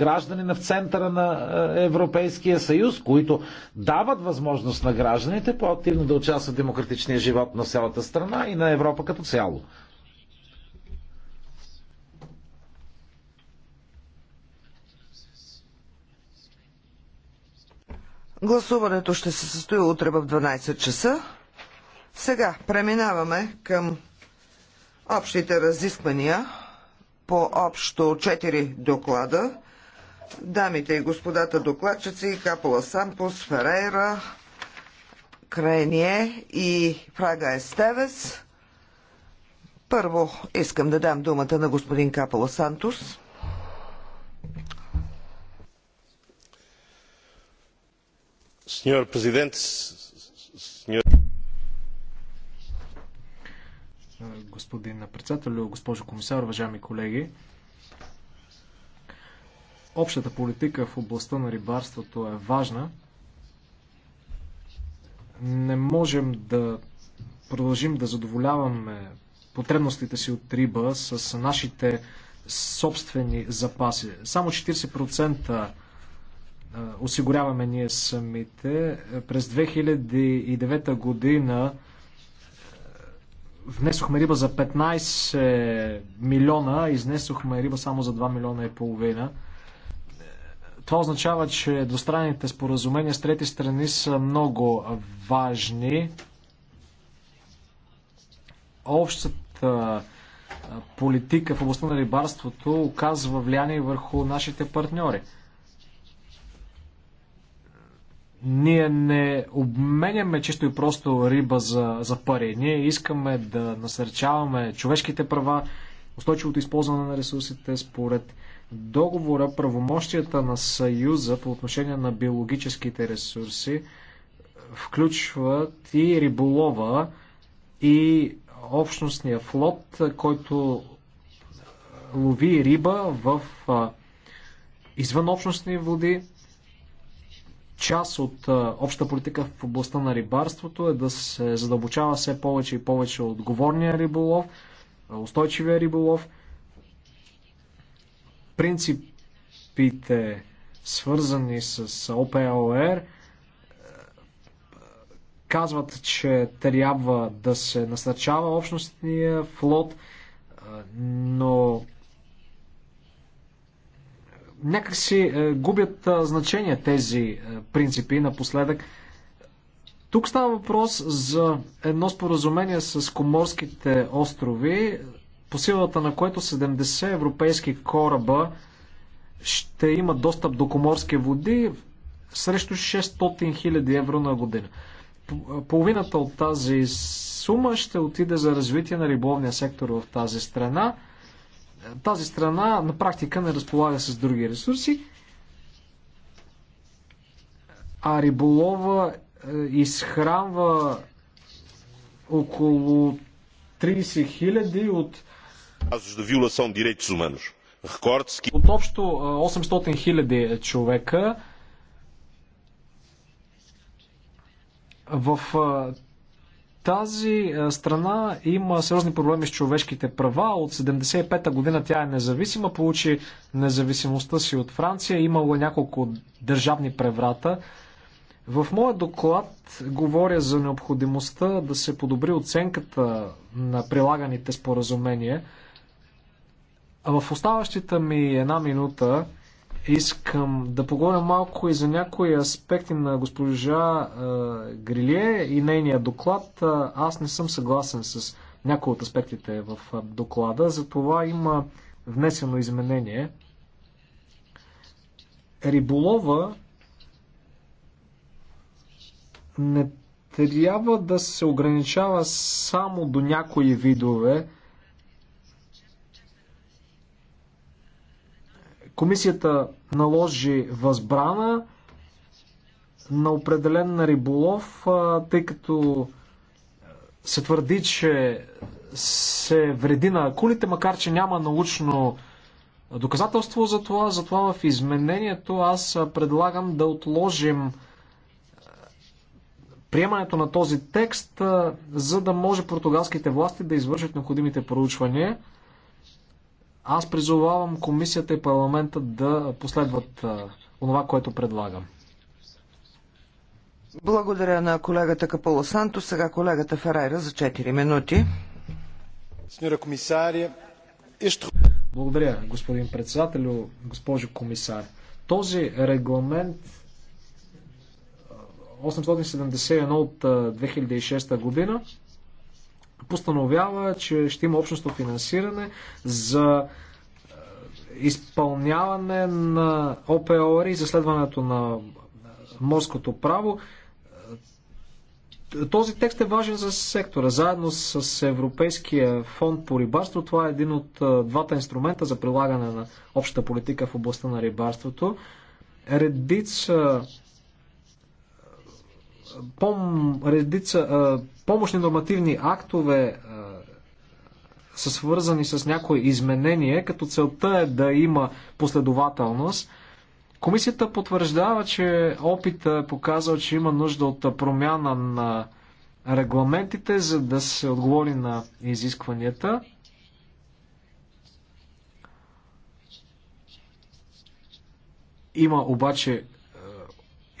гражданина в центъра на е, Европейския съюз, които дават възможност на гражданите по-активно да участват в демократичния живот на цялата страна и на Европа като цяло. Гласуването ще се състои утре в 12 часа. Сега преминаваме към общите разисквания по общо 4 доклада дамите и господата докладчици Капола Сампус, Ферейра, Крение и Фрага Естевес. Първо искам да дам думата на господин Капала Сантус. Сеньор президент, сеньор... Господин председател, госпожо комисар, уважаеми колеги, Общата политика в областта на рибарството е важна. Не можем да продължим да задоволяваме потребностите си от риба с нашите собствени запаси. Само 40% е, осигуряваме ние самите. През 2009 година е, внесохме риба за 15 милиона, изнесохме риба само за 2 милиона и половина. Това означава, че двустранните споразумения с трети страни са много важни. Общата политика в областта на рибарството оказва влияние върху нашите партньори. Ние не обменяме чисто и просто риба за, за пари. Ние искаме да насърчаваме човешките права, устойчивото използване на ресурсите според договора правомощията на Съюза по отношение на биологическите ресурси включват и риболова, и общностния флот, който лови риба в извънобщностни води. Част от обща политика в областта на рибарството е да се задълбочава все повече и повече отговорния риболов, устойчивия риболов – принципите, свързани с ОПЛР, казват, че трябва да се насърчава общностния флот, но си е, губят е, значение тези е, принципи напоследък. Тук става въпрос за едно споразумение с Коморските острови, по силата на което 70 европейски кораба ще имат достъп до коморски води срещу 600 000 евро на година. Половината от тази сума ще отиде за развитие на риболовния сектор в тази страна. Тази страна на практика не разполага с други ресурси, а риболова е, изхранва около 30 000 от от общо 800 хиляди човека в тази страна има сериозни проблеми с човешките права. От 75-та година тя е независима, получи независимостта си от Франция, имало е няколко държавни преврата. В моя доклад говоря за необходимостта да се подобри оценката на прилаганите споразумения. В оставащите ми една минута искам да поговоря малко и за някои аспекти на госпожа е, Грилие и нейния доклад. Аз не съм съгласен с някои от аспектите в доклада, затова има внесено изменение. Риболова не трябва да се ограничава само до някои видове, Комисията наложи възбрана на определен риболов, тъй като се твърди, че се вреди на акулите, макар че няма научно доказателство за това. Затова в изменението аз предлагам да отложим приемането на този текст, за да може португалските власти да извършат необходимите проучвания. Аз призовавам комисията и парламента да последват това, което предлагам. Благодаря на колегата Каполо Санто. Сега колегата Ферайра за 4 минути. Е Благодаря, господин председател, госпожо комисар. Този регламент 871 от 2006 година постановява, че ще има общностно финансиране за е, изпълняване на ОПОР и заследването на е, морското право. Е, този текст е важен за сектора. Заедно с Европейския фонд по рибарство, това е един от двата инструмента за прилагане на общата политика в областта на рибарството. Редица пом, редица, помощни нормативни актове са свързани с някои изменения, като целта е да има последователност. Комисията потвърждава, че опита е показал, че има нужда от промяна на регламентите, за да се отговори на изискванията. Има обаче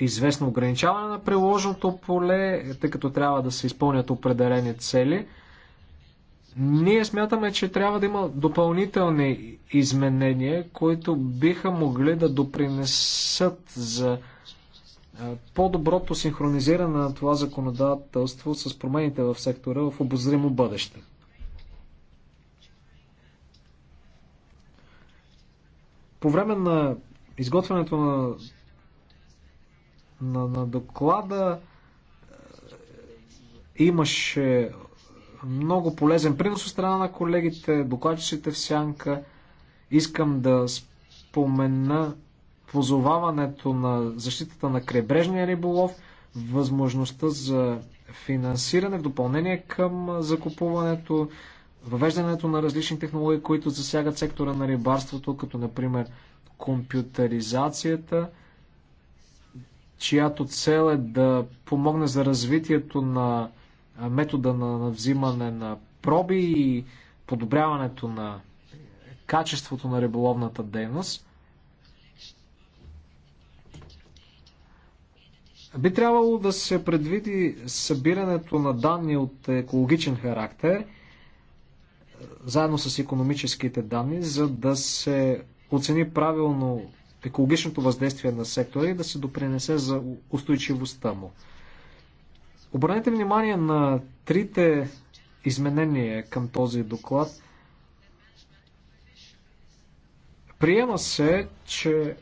известно ограничаване на приложното поле, тъй като трябва да се изпълнят определени цели. Ние смятаме, че трябва да има допълнителни изменения, които биха могли да допринесат за по-доброто синхронизиране на това законодателство с промените в сектора в обозримо бъдеще. По време на изготвянето на на, на доклада е, имаше много полезен принос от страна на колегите, докладчиците в сянка. Искам да спомена позоваването на защитата на крайбрежния риболов, възможността за финансиране в допълнение към закупуването, въвеждането на различни технологии, които засягат сектора на рибарството, като например компютъризацията – чиято цел е да помогне за развитието на метода на взимане на проби и подобряването на качеството на риболовната дейност. Би трябвало да се предвиди събирането на данни от екологичен характер, заедно с економическите данни, за да се оцени правилно екологичното въздействие на сектора и да се допринесе за устойчивостта му. Обърнете внимание на трите изменения към този доклад. Приема се, че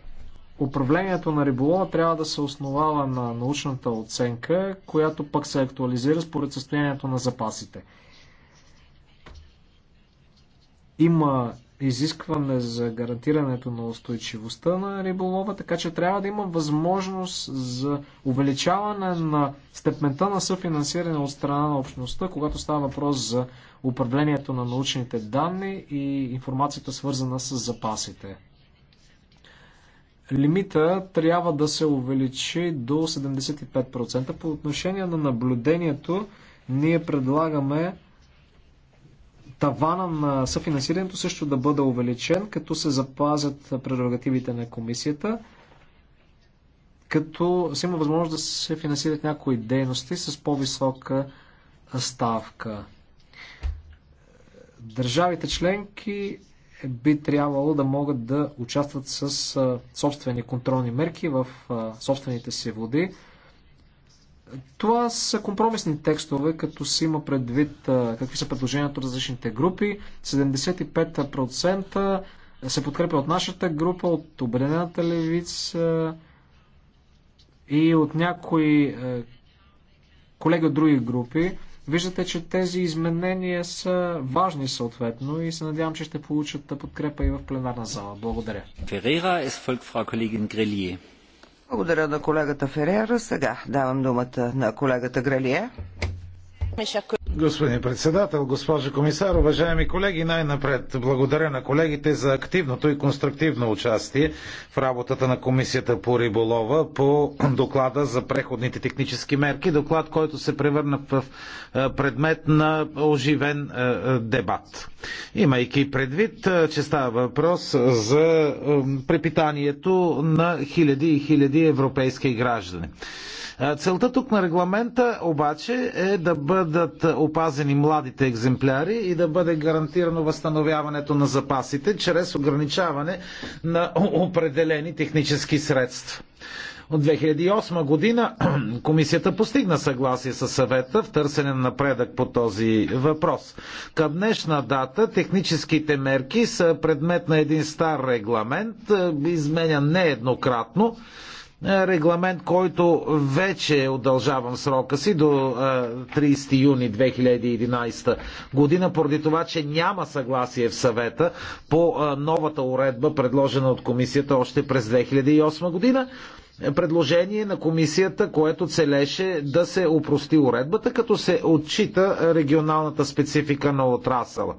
управлението на риболова трябва да се основава на научната оценка, която пък се актуализира според състоянието на запасите. Има изискване за гарантирането на устойчивостта на риболова, така че трябва да има възможност за увеличаване на степента на съфинансиране от страна на общността, когато става въпрос за управлението на научните данни и информацията свързана с запасите. Лимита трябва да се увеличи до 75%. По отношение на наблюдението, ние предлагаме тавана на съфинансирането също да бъде увеличен, като се запазят прерогативите на комисията, като се има възможност да се финансират някои дейности с по-висока ставка. Държавите членки би трябвало да могат да участват с собствени контролни мерки в собствените си води. Това са компромисни текстове, като се има предвид какви са предложенията от различните групи. 75% се подкрепя от нашата група, от Обединената левица и от някои колеги от други групи. Виждате, че тези изменения са важни съответно и се надявам, че ще получат подкрепа и в пленарна зала. Благодаря. Ферера е фолк фра колегин Грелие. Благодаря на колегата Ферера. Сега давам думата на колегата Гралие. Господин председател, госпожо комисар, уважаеми колеги, най-напред благодаря на колегите за активното и конструктивно участие в работата на Комисията по риболова по доклада за преходните технически мерки, доклад, който се превърна в предмет на оживен дебат. Имайки предвид, че става въпрос за препитанието на хиляди и хиляди европейски граждани. Целта тук на регламента обаче е да бъдат опазени младите екземпляри и да бъде гарантирано възстановяването на запасите чрез ограничаване на определени технически средства. От 2008 година комисията постигна съгласие с съвета в търсене на напредък по този въпрос. Към днешна дата техническите мерки са предмет на един стар регламент, е, изменян нееднократно, регламент, който вече е удължаван срока си до 30 юни 2011 година, поради това, че няма съгласие в съвета по новата уредба, предложена от комисията още през 2008 година предложение на комисията, което целеше да се опрости уредбата, като се отчита регионалната специфика на отрасъла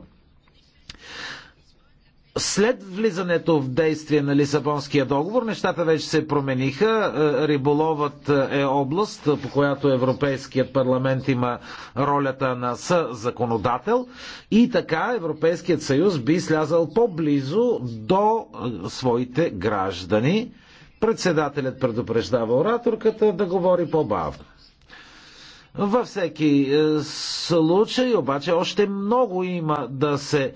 след влизането в действие на Лисабонския договор, нещата вече се промениха. Е, риболовът е област, по която Европейският парламент има ролята на съзаконодател. И така Европейският съюз би слязал по-близо до е, своите граждани. Председателят предупреждава ораторката да говори по-бавно. Във всеки е, случай, обаче, още много има да се е,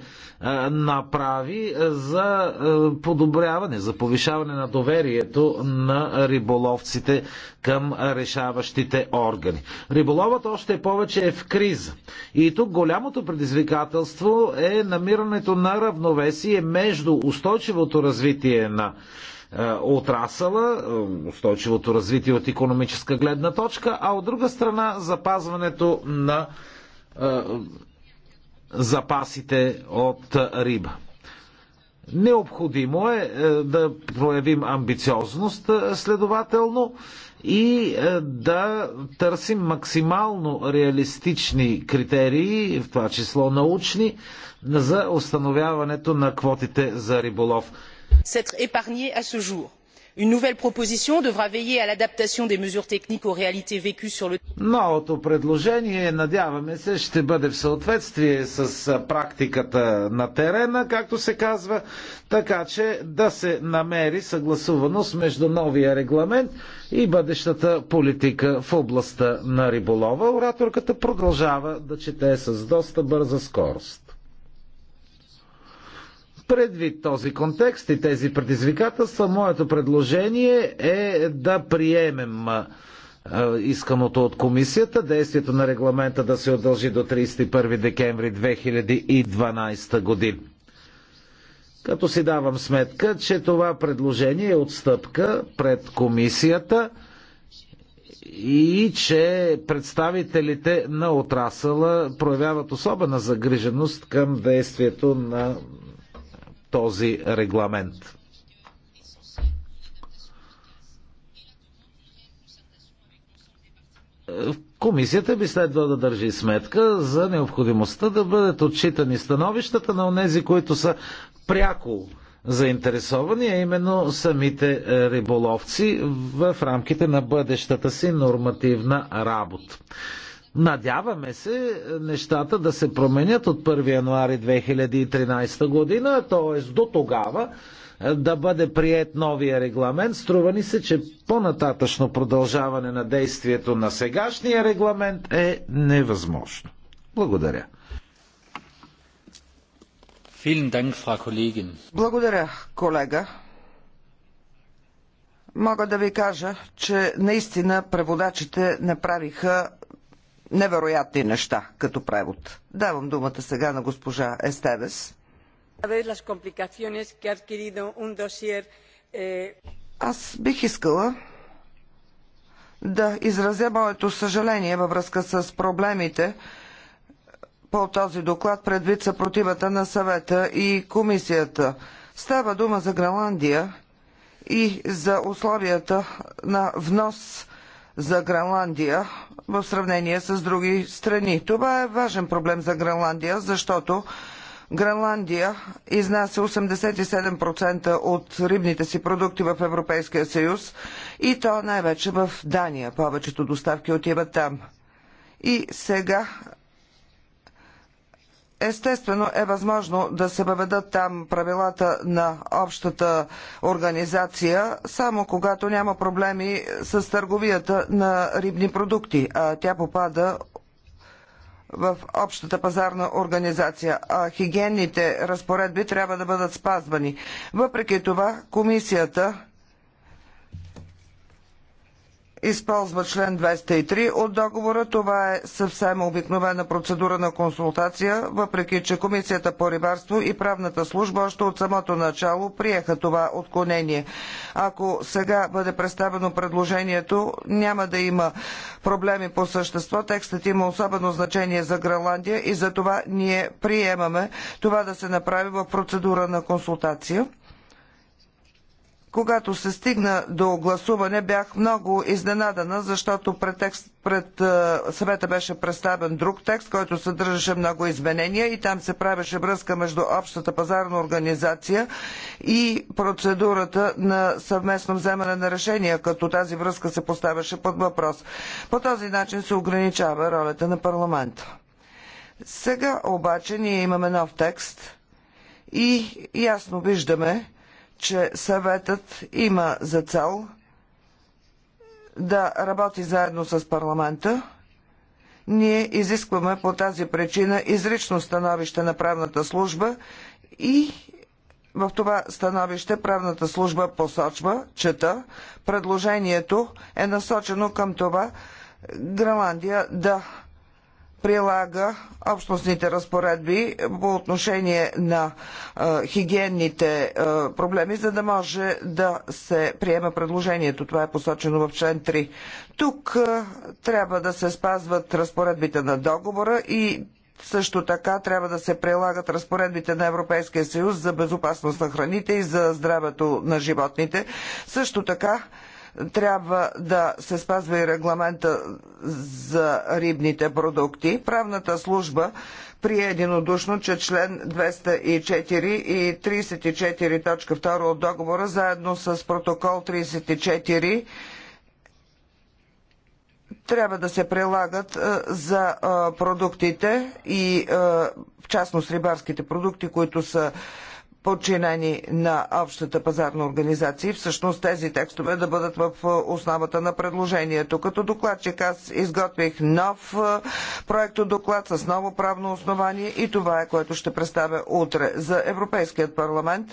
направи е, за подобряване, за повишаване на доверието на риболовците към решаващите органи. Риболовът още повече е в криза. И тук голямото предизвикателство е намирането на равновесие между устойчивото развитие на е, отрасъла, е, устойчивото развитие от економическа гледна точка, а от друга страна запазването на е, запасите от риба. Необходимо е да проявим амбициозност, следователно, и да търсим максимално реалистични критерии, в това число научни, за установяването на квотите за риболов s'être épargnés à ce jour. Une nouvelle proposition devra veiller à l'adaptation des mesures techniques aux réalités vécues sur le Новото предложение, надяваме се, ще бъде в съответствие с практиката на терена, както се казва, така че да се намери съгласуваност между новия регламент и бъдещата политика в областта на риболова. Ораторката продължава да чете с доста бърза скорост. Предвид този контекст и тези предизвикателства, моето предложение е да приемем исканото от комисията, действието на регламента да се удължи до 31 декември 2012 година. Като си давам сметка, че това предложение е отстъпка пред комисията и че представителите на отрасъла проявяват особена загриженост към действието на този регламент. Комисията би следва да държи сметка за необходимостта да бъдат отчитани становищата на онези, които са пряко заинтересовани, а именно самите е, риболовци в рамките на бъдещата си нормативна работа. Надяваме се е, нещата да се променят от 1 януари 2013 година, т.е. до тогава е, да бъде прият новия регламент. Струва ни се, че по-нататъчно продължаване на действието на сегашния регламент е невъзможно. Благодаря. Благодаря, колега. Мога да ви кажа, че наистина преводачите направиха невероятни неща като превод. Давам думата сега на госпожа Естевес. Eh, Аз бих искала да изразя моето съжаление във връзка с проблемите по този доклад предвид съпротивата на съвета и комисията. Става дума за Гренландия и за условията на внос за Гренландия в сравнение с други страни. Това е важен проблем за Гренландия, защото Гренландия изнася 87% от рибните си продукти в Европейския съюз и то най-вече в Дания. Повечето доставки отиват там. И сега Естествено е възможно да се въведат там правилата на общата организация, само когато няма проблеми с търговията на рибни продукти, а тя попада в общата пазарна организация, а хигиенните разпоредби трябва да бъдат спазвани. Въпреки това, комисията използва член 203 от договора. Това е съвсем обикновена процедура на консултация, въпреки че Комисията по рибарство и правната служба още от самото начало приеха това отклонение. Ако сега бъде представено предложението, няма да има проблеми по същество. Текстът има особено значение за Гренландия и за това ние приемаме това да се направи в процедура на консултация. Когато се стигна до гласуване, бях много изненадана, защото пред, текст, пред съвета беше представен друг текст, който съдържаше много изменения и там се правеше връзка между общата пазарна организация и процедурата на съвместно вземане на решения, като тази връзка се поставяше под въпрос. По този начин се ограничава ролята на парламента. Сега обаче ние имаме нов текст и ясно виждаме, че съветът има за цел да работи заедно с парламента. Ние изискваме по тази причина изрично становище на правната служба и в това становище правната служба посочва, чета, предложението е насочено към това Гренландия да прилага общностните разпоредби по отношение на е, хигиенните е, проблеми, за да може да се приема предложението. Това е посочено в член 3. Тук е, трябва да се спазват разпоредбите на договора и също така трябва да се прилагат разпоредбите на Европейския съюз за безопасност на храните и за здравето на животните. Също така трябва да се спазва и регламента за рибните продукти. Правната служба прие единодушно, че член 204 и 34.2 от договора, заедно с протокол 34, трябва да се прилагат е, за е, продуктите и е, в частност рибарските продукти, които са подчинени на общата пазарна организация и всъщност тези текстове да бъдат в основата на предложението. Като докладчик аз изготвих нов проект доклад с ново правно основание и това е което ще представя утре за Европейският парламент.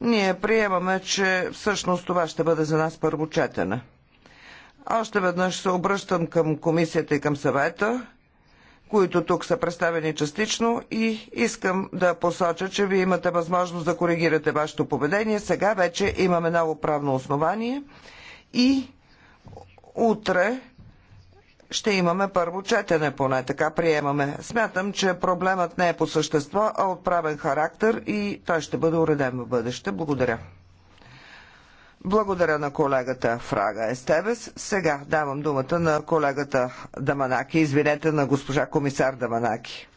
Ние приемаме, че всъщност това ще бъде за нас първо четене. Още веднъж се обръщам към комисията и към съвета които тук са представени частично и искам да посоча, че вие имате възможност да коригирате вашето поведение. Сега вече имаме ново правно основание и утре ще имаме първо четене, поне така приемаме. Смятам, че проблемът не е по същество, а от правен характер и той ще бъде уреден в бъдеще. Благодаря. Благодаря на колегата Фрага Естебес. Сега давам думата на колегата Даманаки, извинете на госпожа комисар Даманаки.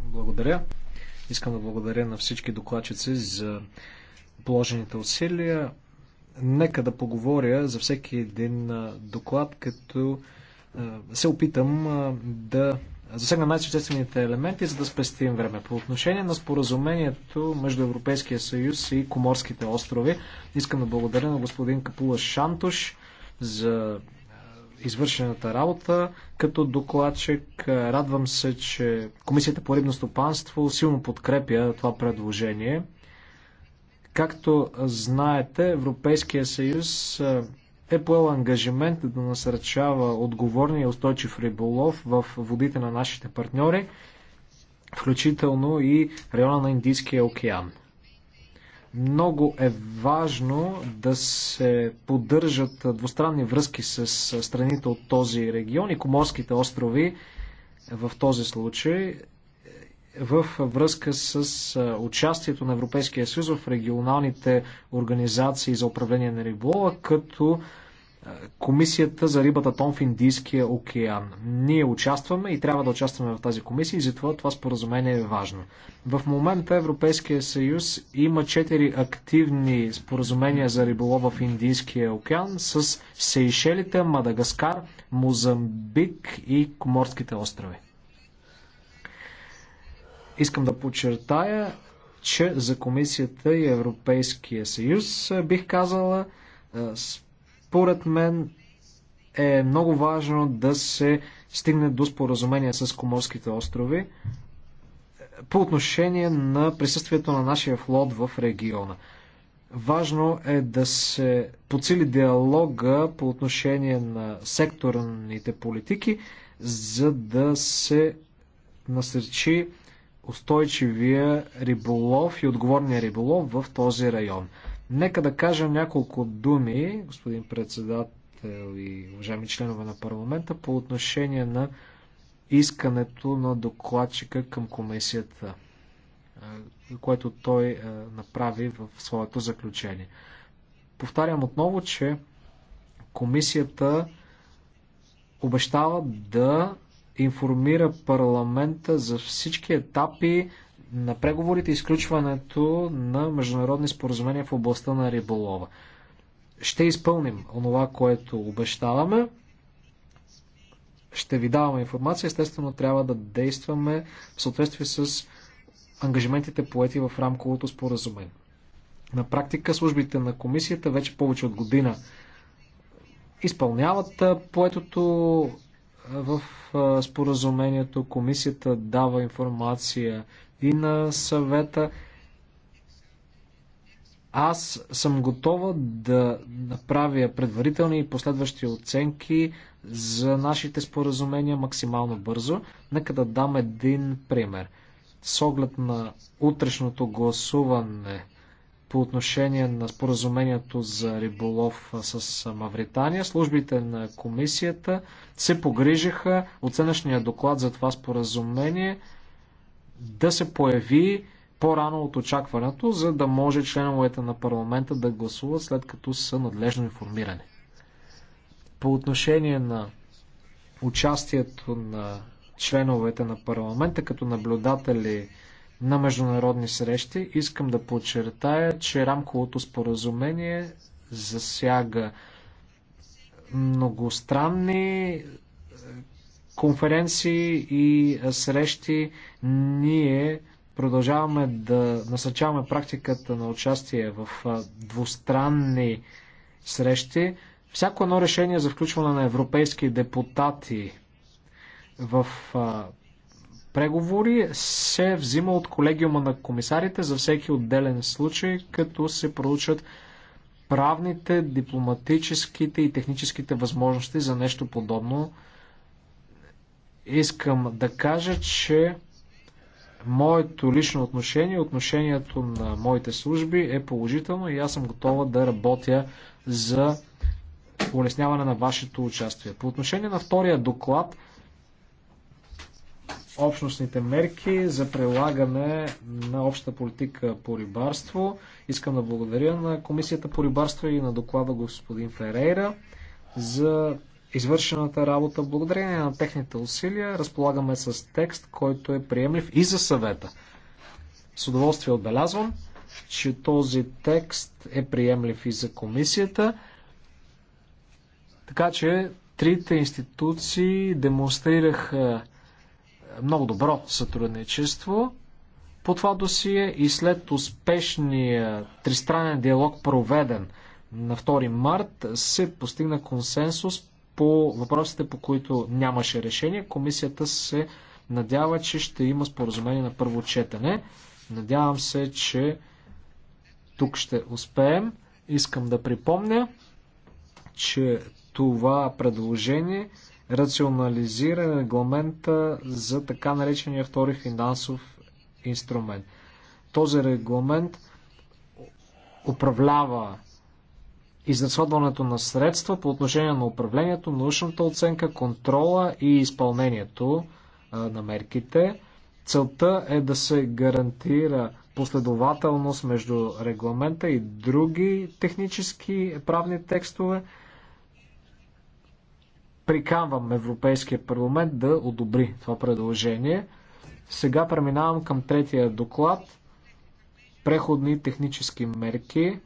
Благодаря. Искам да благодаря на всички докладчици за положените усилия. Нека да поговоря за всеки един доклад, като се опитам да засегна най-съществените елементи, за да спестим време. По отношение на споразумението между Европейския съюз и Коморските острови, искам да благодаря на господин Капула Шантуш за е, извършената работа като докладчик. Е, радвам се, че Комисията по рибно стопанство силно подкрепя това предложение. Както знаете, Европейския съюз е, е поел ангажимент да насърчава отговорния и устойчив риболов в водите на нашите партньори, включително и района на Индийския океан. Много е важно да се поддържат двустранни връзки с страните от този регион и Коморските острови в този случай в връзка с участието на Европейския съюз в регионалните организации за управление на риболова, като комисията за рибата тон в Индийския океан. Ние участваме и трябва да участваме в тази комисия и затова това споразумение е важно. В момента Европейския съюз има 4 активни споразумения за риболов в Индийския океан с Сейшелите, Мадагаскар, Мозамбик и Коморските острови. Искам да подчертая, че за комисията и Европейския съюз бих казала според мен е много важно да се стигне до споразумение с Коморските острови по отношение на присъствието на нашия флот в региона. Важно е да се подсили диалога по отношение на секторните политики, за да се насърчи устойчивия риболов и отговорния риболов в този район. Нека да кажа няколко думи, господин председател и уважаеми членове на парламента, по отношение на искането на докладчика към комисията, което той направи в своето заключение. Повтарям отново, че комисията обещава да информира парламента за всички етапи на преговорите и изключването на международни споразумения в областта на риболова. Ще изпълним онова, което обещаваме. Ще ви даваме информация. Естествено, трябва да действаме в съответствие с ангажиментите поети в рамковото споразумение. На практика службите на комисията вече повече от година изпълняват поетото в споразумението комисията дава информация и на съвета. Аз съм готова да направя предварителни и последващи оценки за нашите споразумения максимално бързо. Нека да дам един пример. С оглед на утрешното гласуване по отношение на споразумението за риболов с Мавритания. Службите на комисията се погрижиха оценъчния доклад за това споразумение да се появи по-рано от очакването, за да може членовете на парламента да гласуват след като са надлежно информирани. По отношение на участието на членовете на парламента като наблюдатели на международни срещи, искам да подчертая, че рамковото споразумение засяга многостранни конференции и срещи ние продължаваме да насъчаваме практиката на участие в двустранни срещи. Всяко едно решение за включване на европейски депутати в преговори се взима от колегиума на комисарите за всеки отделен случай, като се проучат правните, дипломатическите и техническите възможности за нещо подобно искам да кажа, че моето лично отношение, отношението на моите служби е положително и аз съм готова да работя за улесняване на вашето участие. По отношение на втория доклад, общностните мерки за прилагане на общата политика по рибарство. Искам да благодаря на Комисията по рибарство и на доклада господин Ферейра за извършената работа. Благодарение на техните усилия разполагаме с текст, който е приемлив и за съвета. С удоволствие отбелязвам, че този текст е приемлив и за комисията. Така че трите институции демонстрираха е, много добро сътрудничество по това досие и след успешния тристранен диалог проведен на 2 март се постигна консенсус по въпросите, по които нямаше решение. Комисията се надява, че ще има споразумение на първо четене. Надявам се, че тук ще успеем. Искам да припомня, че това предложение рационализира регламента за така наречения втори финансов инструмент. Този регламент управлява изразходването на средства по отношение на управлението, научната оценка, контрола и изпълнението на мерките. Целта е да се гарантира последователност между регламента и други технически правни текстове. Приканвам Европейския парламент да одобри това предложение. Сега преминавам към третия доклад. Преходни технически мерки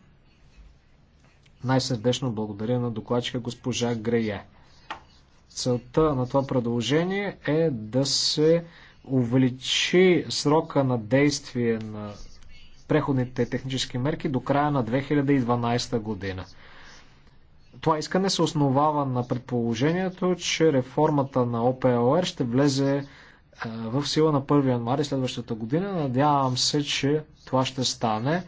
най-сърдечно благодаря на докладчика госпожа Грея. Целта на това предложение е да се увеличи срока на действие на преходните технически мерки до края на 2012 година. Това искане се основава на предположението, че реформата на ОПЛР ще влезе е, в сила на 1 януари следващата година. Надявам се, че това ще стане.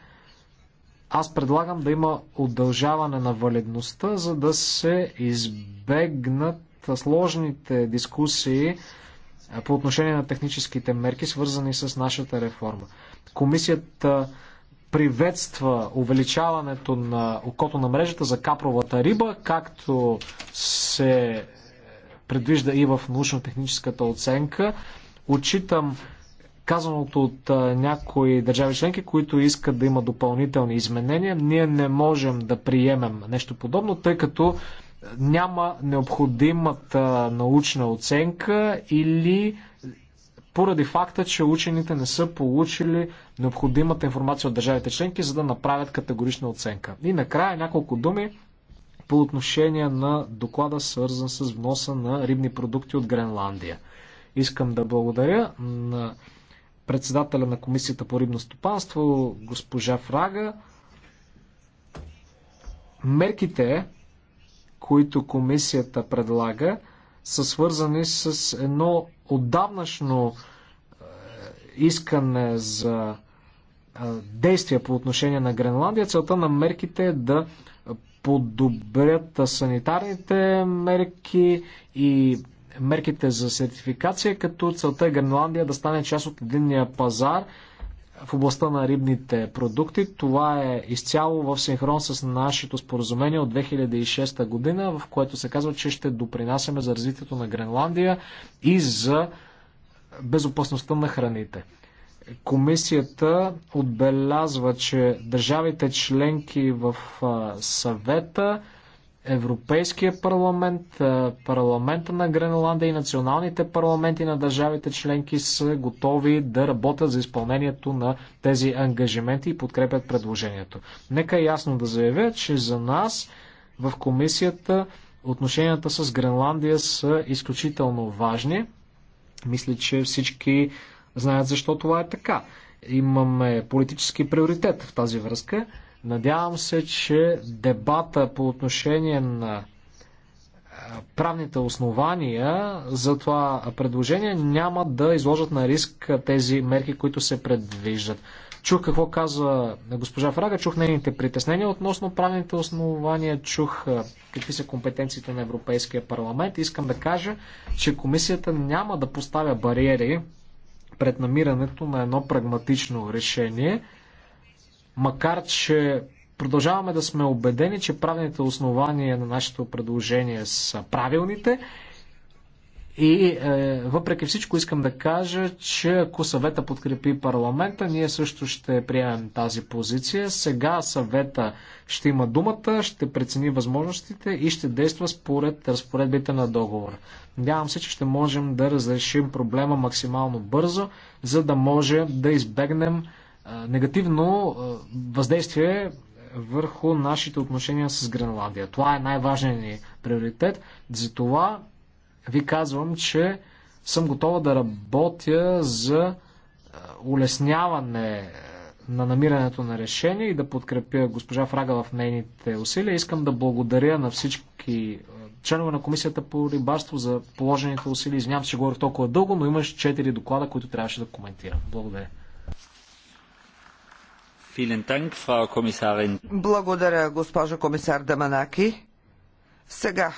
Аз предлагам да има удължаване на валидността, за да се избегнат сложните дискусии по отношение на техническите мерки, свързани с нашата реформа. Комисията приветства увеличаването на окото на мрежата за капровата риба, както се предвижда и в научно-техническата оценка. Отчитам казаното от някои държави членки, които искат да има допълнителни изменения. Ние не можем да приемем нещо подобно, тъй като няма необходимата научна оценка или поради факта, че учените не са получили необходимата информация от държавите членки, за да направят категорична оценка. И накрая няколко думи по отношение на доклада, свързан с вноса на рибни продукти от Гренландия. Искам да благодаря на председателя на Комисията по рибно стопанство, госпожа Фрага. Мерките, които комисията предлага, са свързани с едно отдавнашно е, искане за е, действия по отношение на Гренландия. Целта на мерките е да подобрят санитарните мерки и мерките за сертификация, като целта е Гренландия да стане част от единния пазар в областта на рибните продукти. Това е изцяло в синхрон с нашето споразумение от 2006 година, в което се казва, че ще допринасяме за развитието на Гренландия и за безопасността на храните. Комисията отбелязва, че държавите членки в съвета Европейския парламент, е, парламента на Гренландия и националните парламенти на държавите членки са готови да работят за изпълнението на тези ангажименти и подкрепят предложението. Нека е ясно да заявя, че за нас в комисията отношенията с Гренландия са изключително важни. Мисля, че всички знаят защо това е така. Имаме политически приоритет в тази връзка. Надявам се, че дебата по отношение на правните основания за това предложение няма да изложат на риск тези мерки, които се предвиждат. Чух какво каза госпожа Фрага, чух нейните притеснения относно правните основания, чух какви са компетенциите на Европейския парламент. Искам да кажа, че комисията няма да поставя бариери пред намирането на едно прагматично решение – макар че продължаваме да сме убедени, че правните основания на нашето предложение са правилните. И е, въпреки всичко искам да кажа, че ако съвета подкрепи парламента, ние също ще приемем тази позиция. Сега съвета ще има думата, ще прецени възможностите и ще действа според разпоредбите на договора. Надявам се, че ще можем да разрешим проблема максимално бързо, за да може да избегнем негативно въздействие върху нашите отношения с Гренландия. Това е най-важният ни приоритет. Затова ви казвам, че съм готова да работя за улесняване на намирането на решение и да подкрепя госпожа Фрага в нейните усилия. Искам да благодаря на всички членове на Комисията по рибарство за положените усилия. Извинявам се, че говорих толкова дълго, но имаш четири доклада, които трябваше да коментирам. Благодаря. Благодаря, госпожа комисар Даманаки. Сега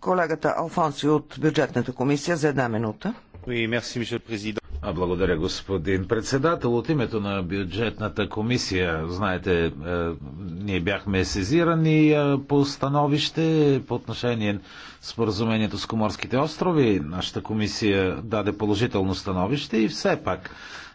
колегата Алфонси от бюджетната комисия за една минута. Благодаря, господин merci, благодаря, господин председател. От името на бюджетната комисия, знаете, е, ние бяхме сезирани е, по становище по отношение споразумението с Коморските острови. Нашата комисия даде положително становище и все пак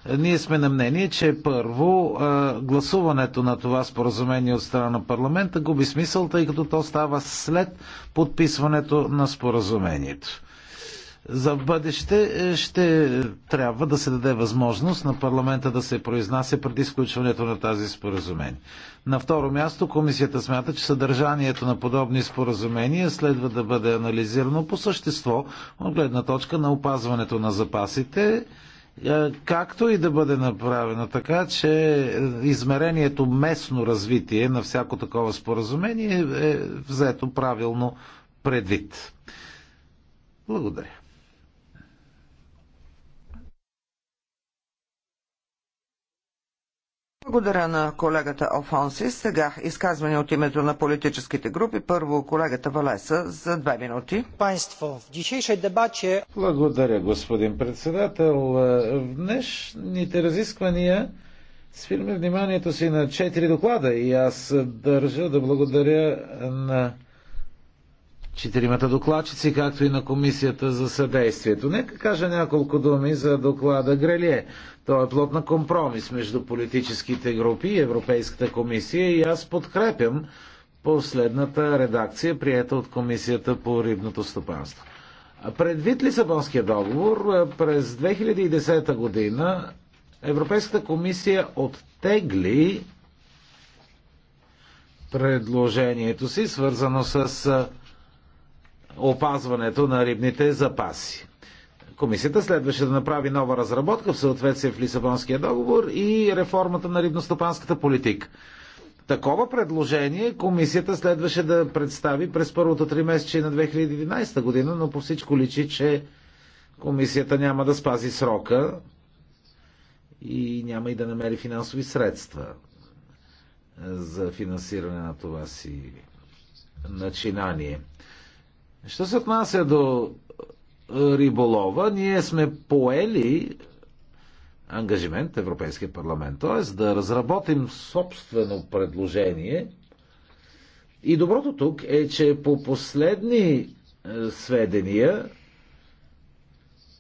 е, ние сме на мнение, че първо е, гласуването на това споразумение от страна на парламента губи смисъл, тъй като то става след подписването на споразумението за в бъдеще е, ще трябва да се даде възможност на парламента да се произнася преди сключването на тази споразумение. На второ място комисията смята, че съдържанието на подобни споразумения следва да бъде анализирано по същество от гледна точка на опазването на запасите, е, както и да бъде направено така, че е, измерението местно развитие на всяко такова споразумение е взето правилно предвид. Благодаря. Благодаря на колегата Алфонси. Сега изказване от името на политическите групи. Първо колегата Валеса за две минути. Панство, в дичейшей дебаче... Благодаря, господин председател. В днешните разисквания свирме вниманието си на четири доклада и аз държа да благодаря на четиримата докладчици, както и на комисията за съдействието. Нека кажа няколко думи за доклада Грелие. Той е плод на компромис между политическите групи и Европейската комисия и аз подкрепям последната редакция, приета от комисията по рибното стопанство. Предвид Лисабонския договор, през 2010 година Европейската комисия оттегли предложението си, свързано с опазването на рибните запаси. Комисията следваше да направи нова разработка в съответствие в Лисабонския договор и реформата на рибностопанската политика. Такова предложение комисията следваше да представи през първото три месече на 2011 година, но по всичко личи, че комисията няма да спази срока и няма и да намери финансови средства е, за финансиране на това си начинание. Що се отнася до е, риболова, ние сме поели ангажимент Европейския парламент, т.е. да разработим собствено предложение. И доброто тук е, че по последни е, сведения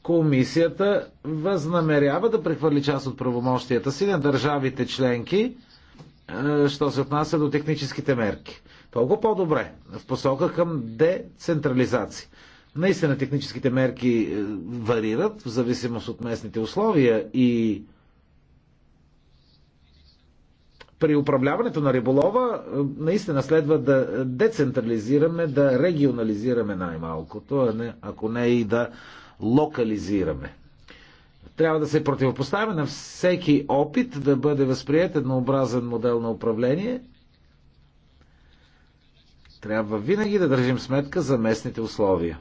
комисията възнамерява да прехвърли част от правомощията си на държавите членки, е, що се отнася до техническите мерки. Толкова по-добре. В посока към децентрализация. Наистина техническите мерки е, варират в зависимост от местните условия и при управляването на риболова е, наистина следва да децентрализираме, да регионализираме най-малкото, е ако не и да локализираме. Трябва да се противопоставяме на всеки опит да бъде възприят еднообразен модел на управление – трябва винаги да държим сметка за местните условия.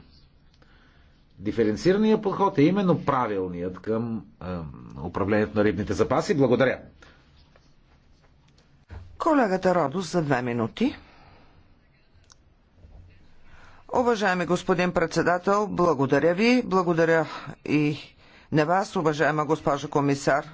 Диференцираният подход е именно правилният към е, управлението на рибните запаси. Благодаря. Колегата Родос за две минути. Уважаеми господин председател, благодаря ви. Благодаря и на вас, уважаема госпожа комисар.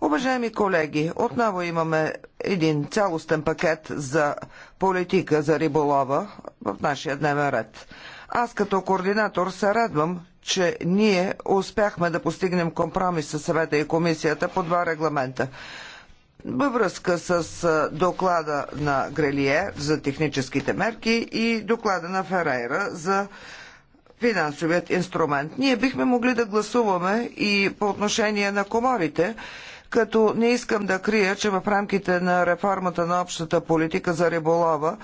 Уважаеми колеги, отново имаме един цялостен пакет за политика за риболова в нашия дневен ред. Аз като координатор се радвам, че ние успяхме да постигнем компромис с съвета и комисията по два регламента. Във връзка с доклада на Грелие за техническите мерки и доклада на Ферейра за финансовият инструмент. Ние бихме могли да гласуваме и по отношение на коморите, като не искам да крия, че в рамките на реформата на общата политика за риболова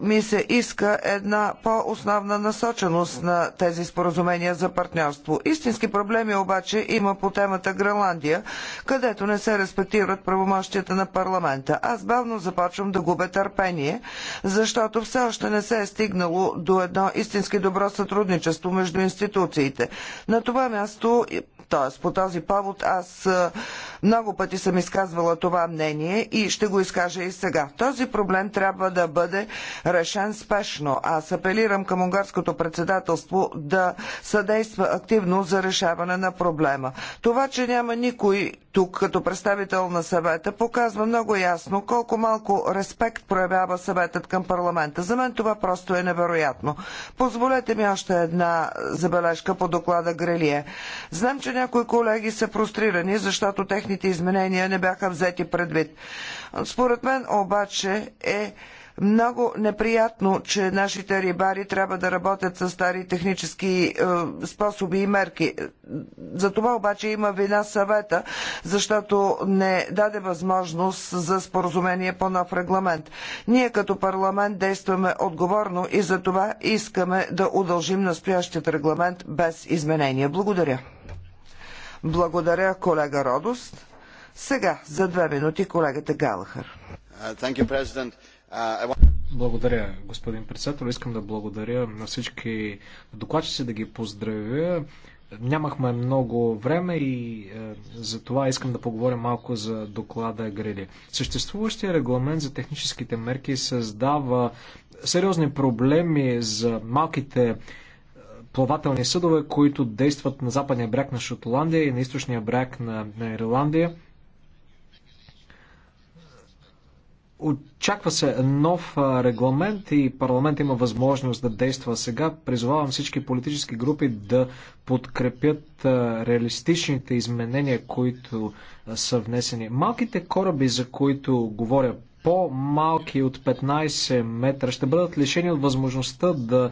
ми се иска една по-основна насоченост на тези споразумения за партньорство. Истински проблеми обаче има по темата Гренландия, където не се респектират правомощията на парламента. Аз бавно започвам да губя търпение, защото все още не се е стигнало до едно истински добро сътрудничество между институциите. На това място Тоест, по този повод аз е, много пъти съм изказвала това мнение и ще го изкажа и сега. Този проблем трябва да бъде решен спешно. Аз апелирам към унгарското председателство да съдейства активно за решаване на проблема. Това, че няма никой тук като представител на съвета, показва много ясно колко малко респект проявява съветът към парламента. За мен това просто е невероятно. Позволете ми още една забележка по доклада Грелие. Знам, че някои колеги са прострирани, защото техните изменения не бяха взети предвид. Според мен обаче е много неприятно, че нашите рибари трябва да работят с стари технически е, способи и мерки. За това обаче има вина съвета, защото не даде възможност за споразумение по нов регламент. Ние като парламент действаме отговорно и за това искаме да удължим настоящият регламент без изменения. Благодаря. Благодаря, колега Родост. Сега, за две минути, колегата Галахър. Uh, uh, благодаря, господин председател. Искам да благодаря на всички докладчици, да ги поздравя. Нямахме много време и е, за това искам да поговоря малко за доклада Грили. Съществуващия регламент за техническите мерки създава сериозни проблеми за малките плавателни съдове, които действат на западния бряг на Шотландия и на източния бряг на, на Ирландия. Очаква се нов регламент и парламент има възможност да действа сега. Призовавам всички политически групи да подкрепят реалистичните изменения, които са внесени. Малките кораби, за които говоря, по-малки от 15 метра, ще бъдат лишени от възможността да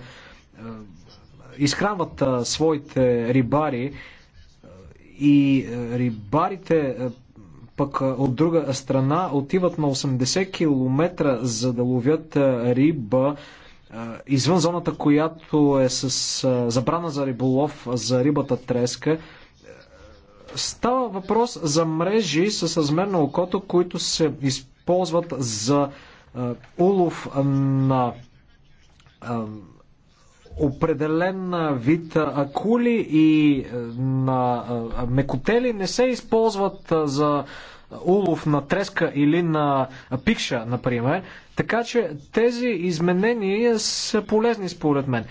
изхранват а, своите рибари и а, рибарите а, пък а, от друга страна отиват на 80 км за да ловят а, риба извън зоната, която е с забрана за риболов за рибата треска. Става въпрос за мрежи с размер на окото, които се използват за улов на определен вид акули и на мекотели не се използват за улов на треска или на пикша, например. Така че тези изменения са полезни според мен.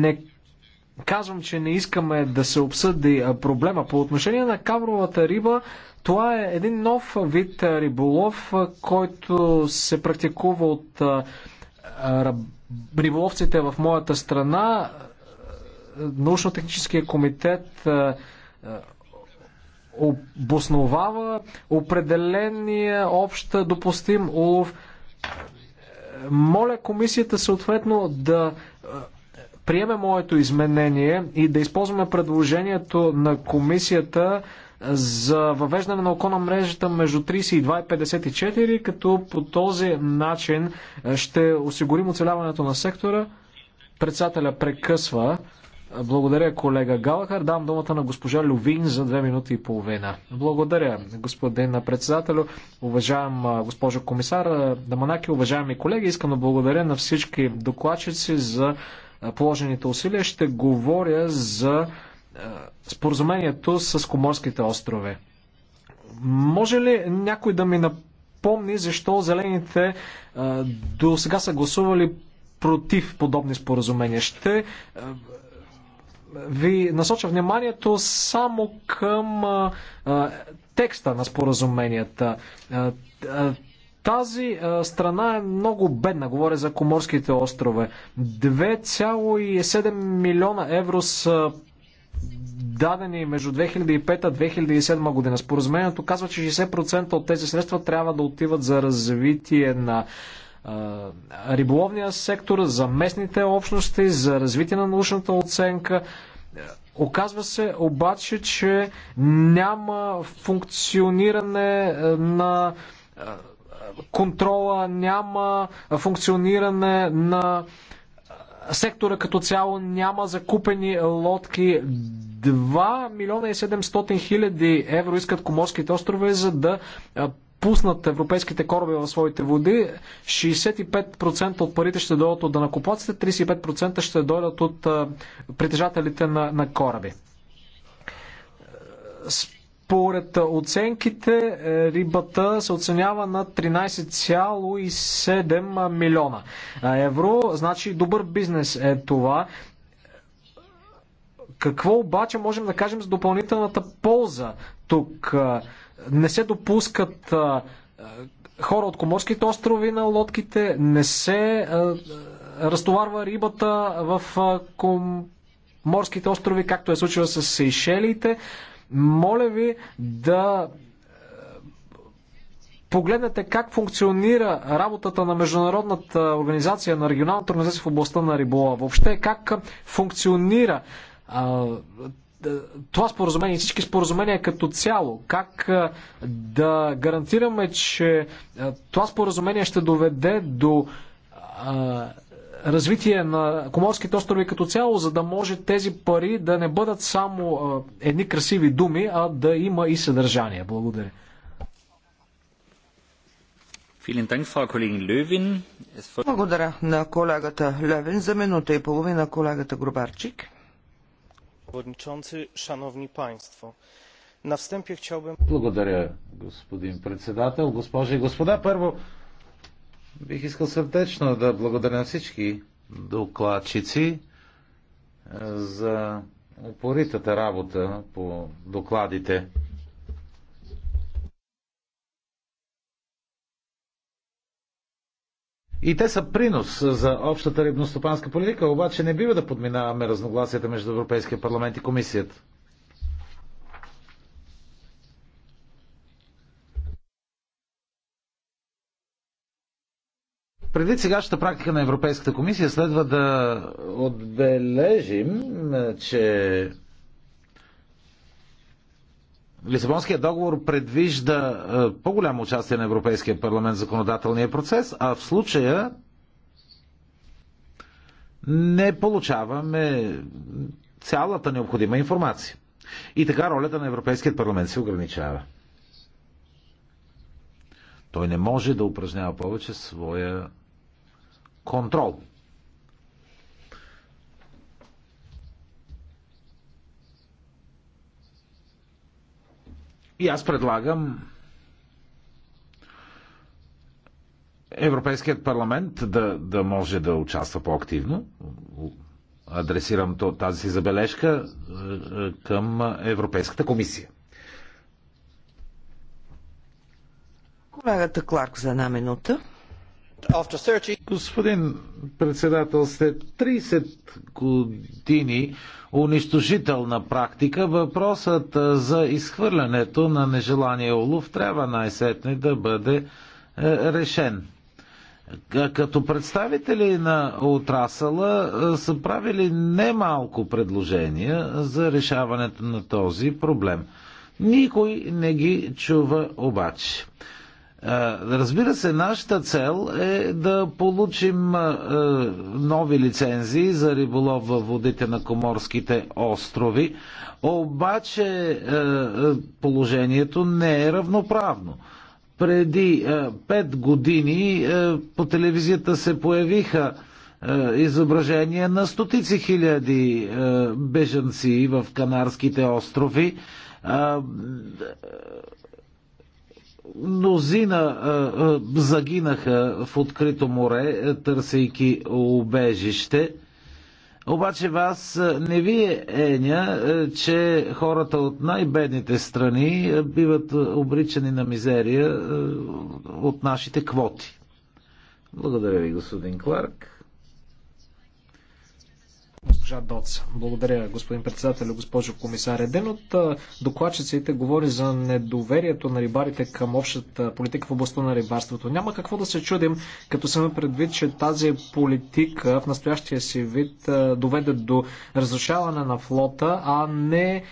Не казвам, че не искаме да се обсъди проблема. По отношение на кавровата риба, това е един нов вид риболов, който се практикува от риболовците в моята страна, научно-техническия комитет е, е, обосновава определения общ допустим улов. Моля комисията съответно да е, приеме моето изменение и да използваме предложението на комисията за въвеждане на око на мрежата между 32 и 54, като по този начин е, ще осигурим оцеляването на сектора. Председателя прекъсва. Благодаря, колега Галахар. Дам думата на госпожа Лювин за две минути и половина. Благодаря, господин председател, уважаем госпожо комисар Даманаки, уважаеми колеги. Искам да благодаря на всички докладчици за положените усилия. Ще говоря за споразумението с Коморските острове. Може ли някой да ми напомни защо зелените до сега са гласували против подобни споразумения? Ще ви насоча вниманието само към текста на споразуменията. тази страна е много бедна, говоря за Коморските острове. 2,7 милиона евро са дадени между 2005-2007 година. Споразумението казва, че 60% от тези средства трябва да отиват за развитие на е, риболовния сектор, за местните общности, за развитие на научната оценка. Оказва се обаче, че няма функциониране на контрола, няма функциониране на сектора като цяло няма закупени лодки. 2 милиона и 700 хиляди евро искат Коморските острове, за да пуснат европейските кораби в своите води. 65% от парите ще дойдат от данакоплаците, 35% ще дойдат от притежателите на, на кораби според оценките, е, рибата се оценява на 13,7 милиона евро. Значи добър бизнес е това. Какво обаче можем да кажем за допълнителната полза тук? Е, не се допускат е, хора от Коморските острови на лодките, не се разтоварва рибата в Коморските острови, както е случило с Сейшелите. Моля ви да е, погледнете как функционира работата на Международната организация, на регионалната организация в областта на рибола. Въобще как функционира е, това споразумение и всички споразумения като цяло, как е, да гарантираме, че това споразумение ще доведе до развитие на Коморските острови като цяло, за да може тези пари да не бъдат само едни красиви думи, а да има и съдържание. Благодаря. Благодаря на колегата Левин. За минута и половина колегата Грубарчик. Благодаря, господин председател, госпожи и господа. Първо, Бих искал сърдечно да благодаря всички докладчици е, за упоритата работа по докладите. И те са принос за общата рибностопанска политика, обаче не бива да подминаваме разногласията между Европейския парламент и комисията. Преди сегашната практика на Европейската комисия следва да отбележим, е, че Лисабонският договор предвижда е, по-голямо участие на Европейския парламент в законодателния процес, а в случая не получаваме цялата необходима информация. И така ролята на Европейският парламент се ограничава. Той не може да упражнява повече своя контрол. И аз предлагам Европейският парламент да, да може да участва по-активно. Адресирам тази си забележка е, е, към Европейската комисия. Колегата Кларк за една минута. Господин председател, след 30 години унищожителна практика, въпросът за изхвърлянето на нежелания улов трябва най-сетне да бъде е, решен. Като представители на отрасъла са правили немалко предложения за решаването на този проблем. Никой не ги чува обаче. Е, разбира се, нашата цел е да получим е, нови лицензии за риболов във водите на Коморските острови, обаче е, положението не е равноправно. Преди пет години по телевизията се появиха изображения на стотици хиляди беженци в Канарските острови Мнозина загинаха в открито море, е, търсейки убежище. Обаче вас не ви е еня, е, че хората от най-бедните страни е, биват обричани на мизерия от нашите квоти. Благодаря ви, господин Кларк. Госпожа Доц. Благодаря, господин председател, госпожо комисар. Един от докладчиците говори за недоверието на рибарите към общата политика в областта на рибарството. Няма какво да се чудим, като се предвид, че тази политика в настоящия си вид доведе до разрушаване на флота, а не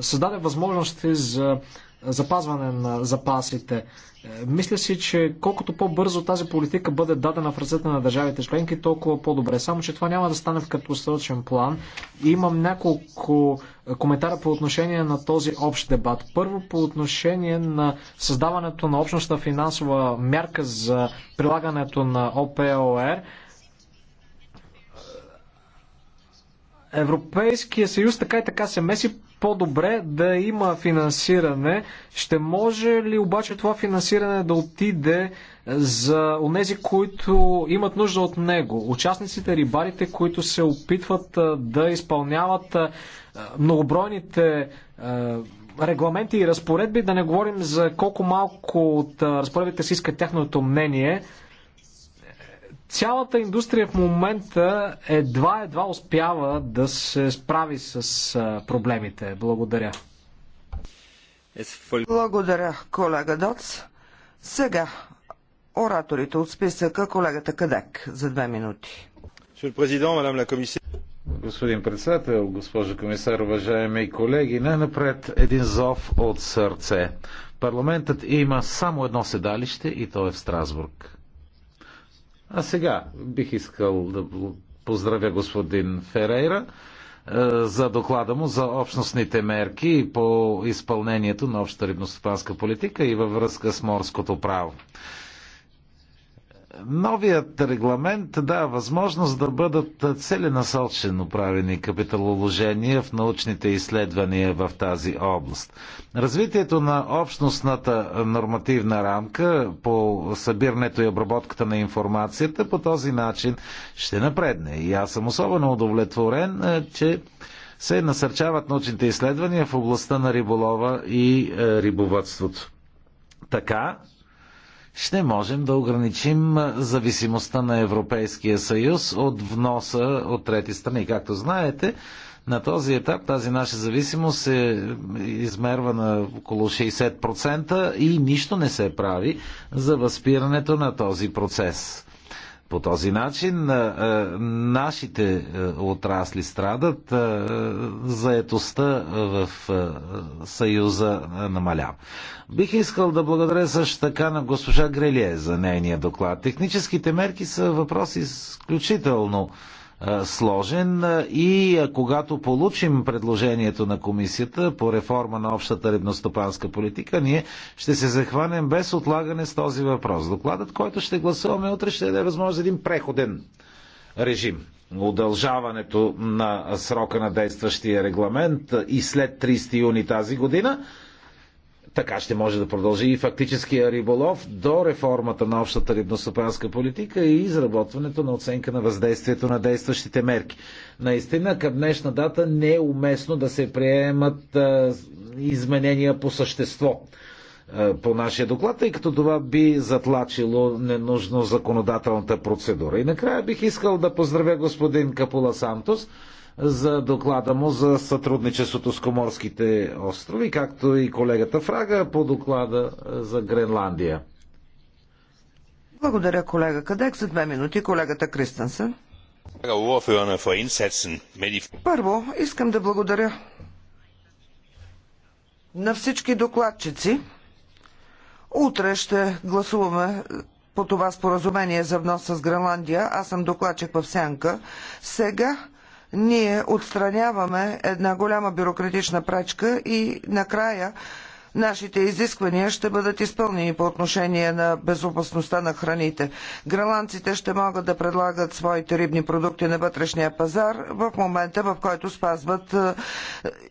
създаде възможности за запазване на запасите. Е, мисля си, че колкото по-бързо тази политика бъде дадена в ръцете на държавите членки, толкова по-добре. Само, че това няма да стане в краткосрочен план. И имам няколко е, коментара по отношение на този общ дебат. Първо, по отношение на създаването на общностна финансова мярка за прилагането на ОПОР. Европейския съюз така и така се меси по-добре да има финансиране. Ще може ли обаче това финансиране да отиде за онези, които имат нужда от него? Участниците, рибарите, които се опитват да изпълняват многобройните регламенти и разпоредби, да не говорим за колко малко от разпоредбите се искат тяхното мнение – Цялата индустрия в момента едва-едва успява да се справи с проблемите. Благодаря. Благодаря, колега Доц. Сега ораторите от списъка, колегата Кадек, за две минути. Господин председател, госпожо комисар, уважаеми колеги, най-напред един зов от сърце. Парламентът има само едно седалище и то е в Страсбург. А сега бих искал да поздравя господин Ферейра е, за доклада му за общностните мерки по изпълнението на обща рибностопанска политика и във връзка с морското право. Новият регламент дава възможност да бъдат целенасочено правени капиталоложения в научните изследвания в тази област. Развитието на общностната нормативна рамка по събирането и обработката на информацията по този начин ще напредне. И аз съм особено удовлетворен, е, че се насърчават научните изследвания в областта на риболова и е, рибовътството. Така, ще можем да ограничим зависимостта на Европейския съюз от вноса от трети страни. Както знаете, на този етап тази наша зависимост се измерва на около 60% и нищо не се прави за възпирането на този процес по този начин е, е, нашите е, отрасли страдат, заетостта в Съюза намалява. Бих искал да благодаря също така на госпожа Грелие за нейния доклад. Техническите мерки са въпроси изключително е, сложен и е, когато получим предложението на комисията по реформа на общата рибностопанска политика, ние ще се захванем без отлагане с този въпрос. Докладът, който ще гласуваме утре, ще даде възможност за един преходен режим. Удължаването на срока на действащия регламент и след 30 юни тази година – така ще може да продължи и фактическия риболов до реформата на общата рибностопанска политика и изработването на оценка на въздействието на действащите мерки. Наистина, към днешна дата не е уместно да се приемат а, изменения по същество а, по нашия доклад, тъй като това би затлачило ненужно законодателната процедура. И накрая бих искал да поздравя господин Капула Сантос, за доклада му за сътрудничеството с Коморските острови, както и колегата Фрага по доклада е, за Гренландия. Благодаря, колега Кадек. За две минути колегата Кристенсен. Първо, искам да благодаря на всички докладчици. Утре ще гласуваме по това споразумение за внос с Гренландия. Аз съм докладчик в Сянка. Сега ние отстраняваме една голяма бюрократична пречка и накрая Нашите изисквания ще бъдат изпълнени по отношение на безопасността на храните. Гренландците ще могат да предлагат своите рибни продукти на вътрешния пазар в момента, в който спазват е,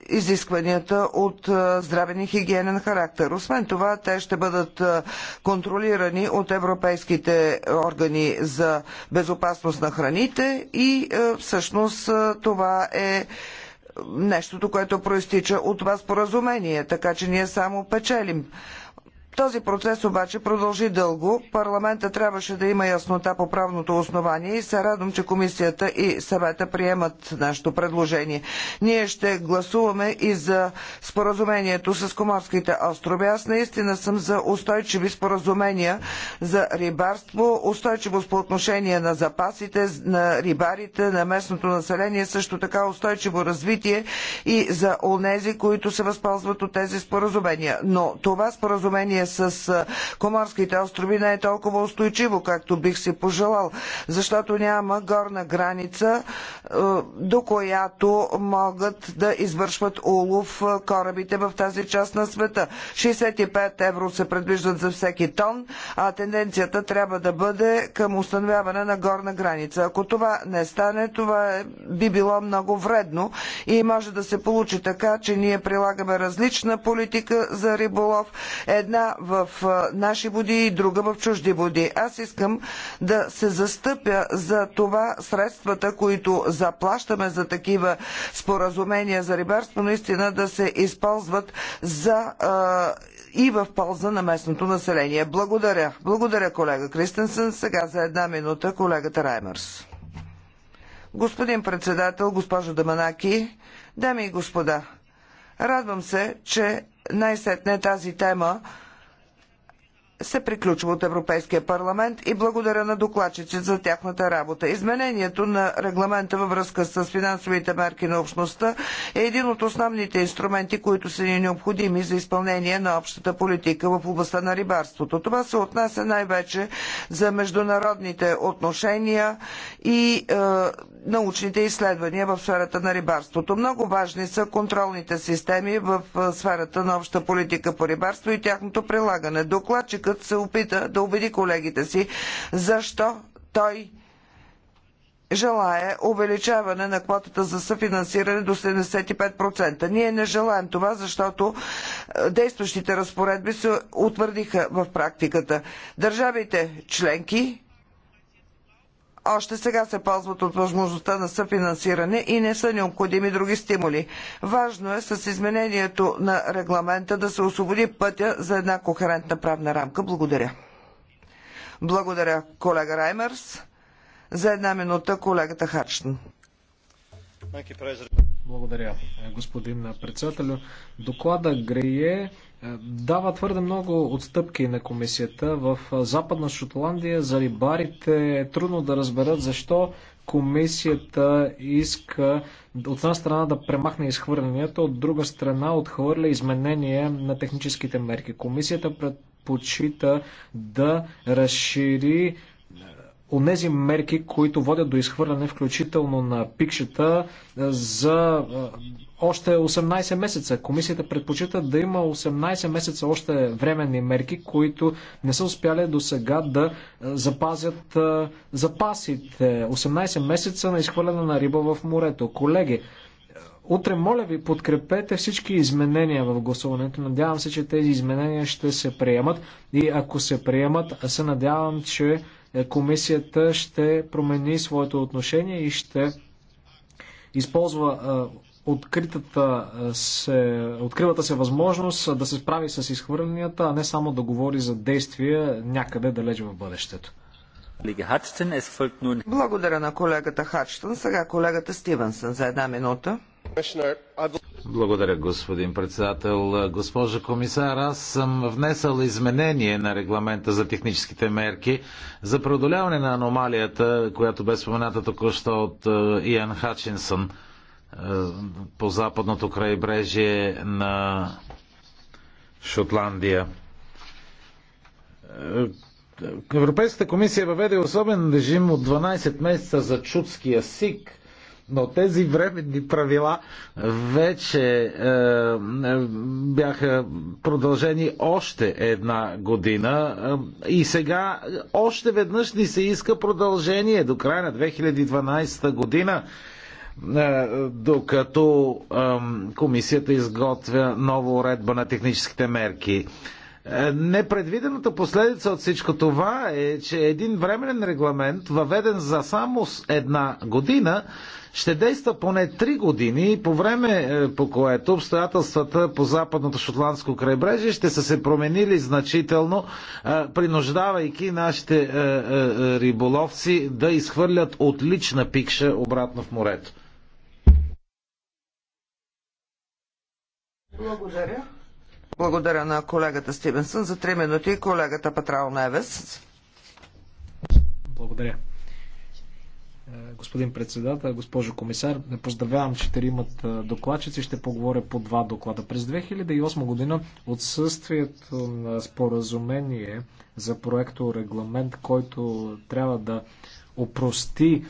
изискванията от е, здравен и хигиенен характер. Освен това, те ще бъдат е, контролирани от европейските органи за безопасност на храните и всъщност това е нещото, което проистича от това споразумение, така че ние само печелим. Този процес обаче продължи дълго. Парламента трябваше да има яснота по правното основание и се радвам, че комисията и съвета приемат нашето предложение. Ние ще гласуваме и за споразумението с Коморските острови. Аз наистина съм за устойчиви споразумения за рибарство, устойчивост по отношение на запасите, на рибарите, на местното население, също така устойчиво развитие и за онези, които се възползват от тези споразумения. Но това споразумение с Коморските острови не е толкова устойчиво, както бих си пожелал, защото няма горна граница, до която могат да извършват улов корабите в тази част на света. 65 евро се предвиждат за всеки тон, а тенденцията трябва да бъде към установяване на горна граница. Ако това не стане, това е, би било много вредно и може да се получи така, че ние прилагаме различна политика за риболов. Една в наши води и друга в чужди води. Аз искам да се застъпя за това средствата, които заплащаме за такива споразумения за рибарство, наистина да се използват за и в полза на местното население. Благодаря. Благодаря, колега Кристенсен. Сега за една минута колегата Раймърс. Господин председател, госпожо Даманаки, дами и господа, радвам се, че най-сетне тази тема се приключва от Европейския парламент и благодаря на докладчиците за тяхната работа. Изменението на регламента във връзка с финансовите мерки на общността е един от основните инструменти, които са ни необходими за изпълнение на общата политика в областта на рибарството. Това се отнася най-вече за международните отношения и е, научните изследвания в сферата на рибарството. Много важни са контролните системи в е, сферата на обща политика по рибарство и тяхното прилагане. Докладчика като се опита да убеди колегите си, защо той желая увеличаване на квотата за съфинансиране до 75%. Ние не желаем това, защото е, действащите разпоредби се утвърдиха в практиката. Държавите членки още сега се ползват от възможността на съфинансиране и не са необходими други стимули. Важно е с изменението на регламента да се освободи пътя за една кохерентна правна рамка. Благодаря. Благодаря, колега Раймерс. За една минута колегата Харчтън. Благодаря, господин председател. Доклада Грее дава твърде много отстъпки на комисията. В Западна Шотландия за рибарите е трудно да разберат защо комисията иска от една страна да премахне изхвърлянето, от друга страна отхвърля изменение на техническите мерки. Комисията предпочита да разшири е, онези мерки, които водят до изхвърляне, включително на пикчета, е, за е, още 18 месеца. Комисията предпочита да има 18 месеца още временни мерки, които не са успяли до сега да е, запазят е, запасите. 18 месеца на изхвърляне на риба в морето. Колеги, е, Утре, моля ви, подкрепете всички изменения в гласуването. Надявам се, че тези изменения ще се приемат и ако се приемат, се надявам, че комисията ще промени своето отношение и ще използва откритата е, се, откривата се възможност е, да се справи с изхвърленията, а не само да говори за действия някъде далеч в бъдещето. Е Благодаря на колегата Хачтън. Сега колегата Стивенсън за една минута. Благодаря, господин председател. Госпожа комисар, аз съм внесъл изменение на регламента за техническите мерки за преодоляване на аномалията, която бе спомената току-що от Иан Хачинсън по западното крайбрежие на Шотландия. Европейската комисия въведе особен режим от 12 месеца за чудския сик, но тези временни правила вече е, е, бяха продължени още една година е, и сега още веднъж ни се иска продължение до края на 2012 година. Е, докато комисията изготвя нова уредба на техническите мерки. Е, непредвидената последица от всичко това е, че един временен регламент, въведен за само една година, ще действа поне три години, по време е, по което обстоятелствата по западното шотландско крайбрежие ще са се променили значително, принуждавайки нашите риболовци да изхвърлят отлична пикша обратно в морето. Благодаря. Благодаря на колегата Стивенсън. За три минути колегата Патрал Невес. Благодаря. Е, господин председател, госпожо комисар, не поздравявам имат е, докладчици. Ще поговоря по два доклада. През 2008 година отсъствието на споразумение за проекто регламент, който трябва да опрости е,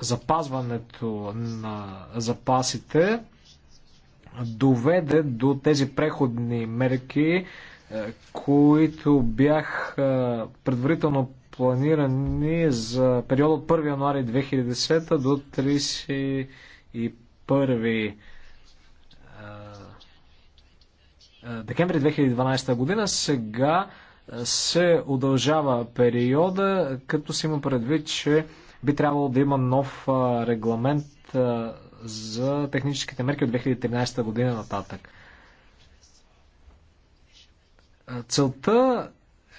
запазването на запасите, доведе до тези преходни мерки, е, които бяха е, предварително планирани за период от 1 януари 2010 до 31 е, декември 2012 година. Сега се удължава периода, като се има предвид, че би трябвало да има нов регламент за техническите мерки от 2013 година нататък. Целта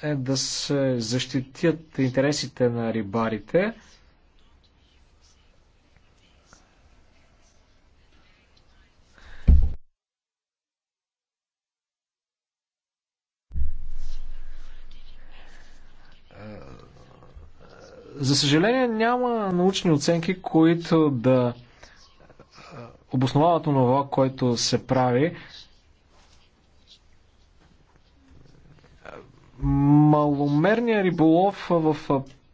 е да се защитят интересите на рибарите. За съжаление няма научни оценки, които да обосновават това, което се прави. Маломерният риболов в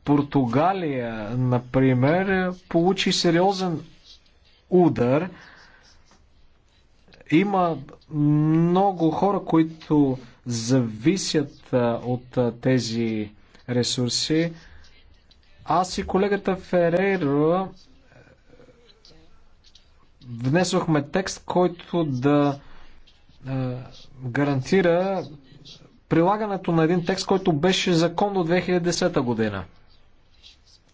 Португалия, например, получи сериозен удар. Има много хора, които зависят от тези ресурси. Аз и колегата Ферейро внесохме текст, който да е, гарантира прилагането на един текст, който беше закон до 2010 година,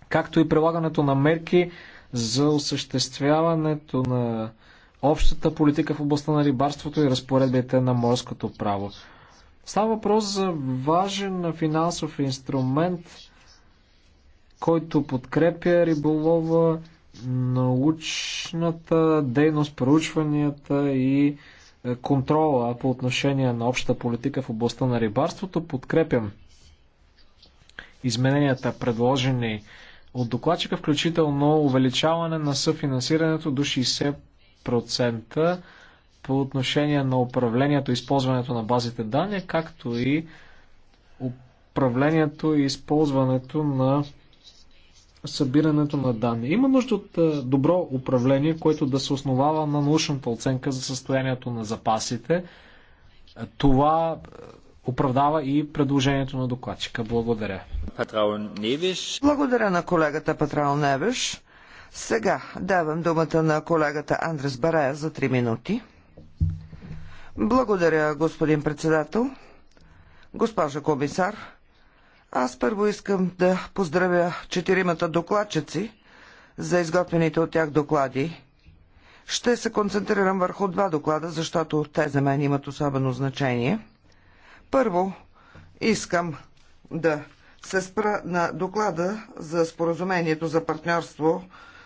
както и прилагането на мерки за осъществяването на общата политика в областта на рибарството и разпоредбите на морското право. Става въпрос за важен финансов инструмент, който подкрепя риболова, научната дейност, проучванията и е, контрола по отношение на общата политика в областта на рибарството. Подкрепям измененията, предложени от докладчика, включително увеличаване на съфинансирането до 60% по отношение на управлението и използването на базите данни, както и управлението и използването на събирането на данни. Има нужда от е, добро управление, което да се основава на научната оценка за състоянието на запасите. Е, това е, оправдава и предложението на докладчика. Благодаря. Благодаря на колегата Патрал Невиш. Сега давам думата на колегата Андрес Барая за 3 минути. Благодаря, господин председател. Госпожа комисар, аз първо искам да поздравя четиримата докладчици за изготвените от тях доклади. Ще се концентрирам върху два доклада, защото те за мен имат особено значение. Първо, искам да се спра на доклада за споразумението за партньорство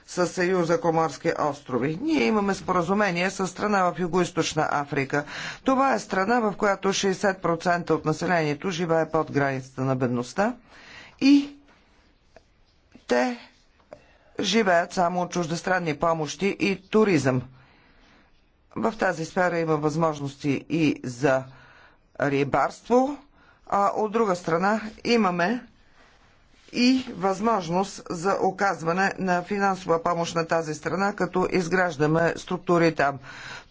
с Съюза Коморски острови. Ние имаме споразумение с страна в Юго-Источна Африка. Това е страна, в която 60% от населението живее под границата на бедността и те живеят само от чуждестранни помощи и туризъм. В тази сфера има възможности и за рибарство, а от друга страна имаме и възможност за оказване на финансова помощ на тази страна, като изграждаме структури там.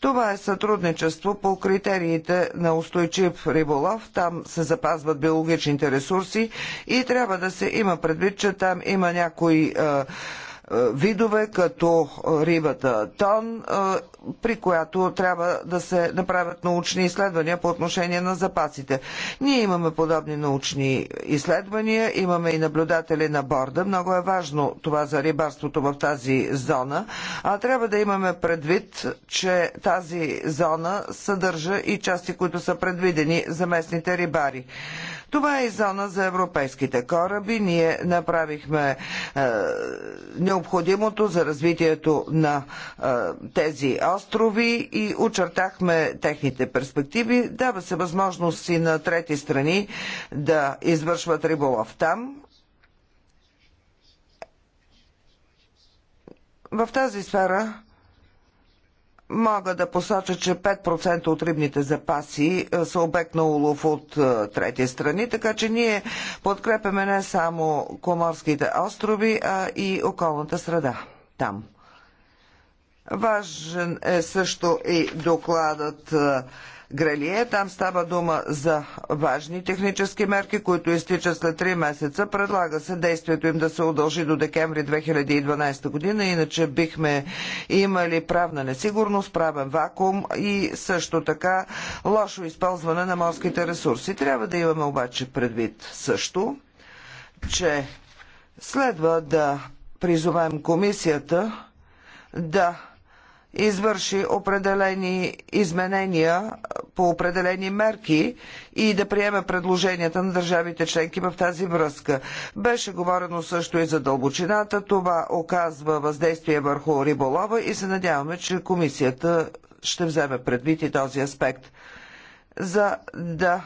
Това е сътрудничество по критериите на устойчив риболов. Там се запазват биологичните ресурси и трябва да се има предвид, че там има някои е, е, видове, като е, рибата тон, е, при която трябва да се направят научни изследвания по отношение на запасите. Ние имаме подобни научни изследвания, имаме и наблюдатели на борда. Много е важно това за рибарството в тази зона, а трябва да имаме предвид, че тази зона съдържа и части, които са предвидени за местните рибари. Това е зона за европейските кораби. Ние направихме е, необходимото за развитието на е, тези острови и очертахме техните перспективи. Дава се възможност и на трети страни да извършват риболов там. В тази сфера Мога да посоча, че 5% от рибните запаси е, са обект на улов от е, трети страни, така че ние подкрепяме не само Коморските острови, а и околната среда там. Важен е също и докладът е, Грелие. Там става дума за важни технически мерки, които изтичат след 3 месеца. Предлага се действието им да се удължи до декември 2012 година, иначе бихме имали правна несигурност, правен вакуум и също така лошо използване на морските ресурси. Трябва да имаме обаче предвид също, че следва да призовем комисията да извърши определени изменения по определени мерки и да приеме предложенията на държавите членки в тази връзка. Беше говорено също и за дълбочината. Това оказва въздействие върху риболова и се надяваме, че комисията ще вземе предвид и този аспект. За да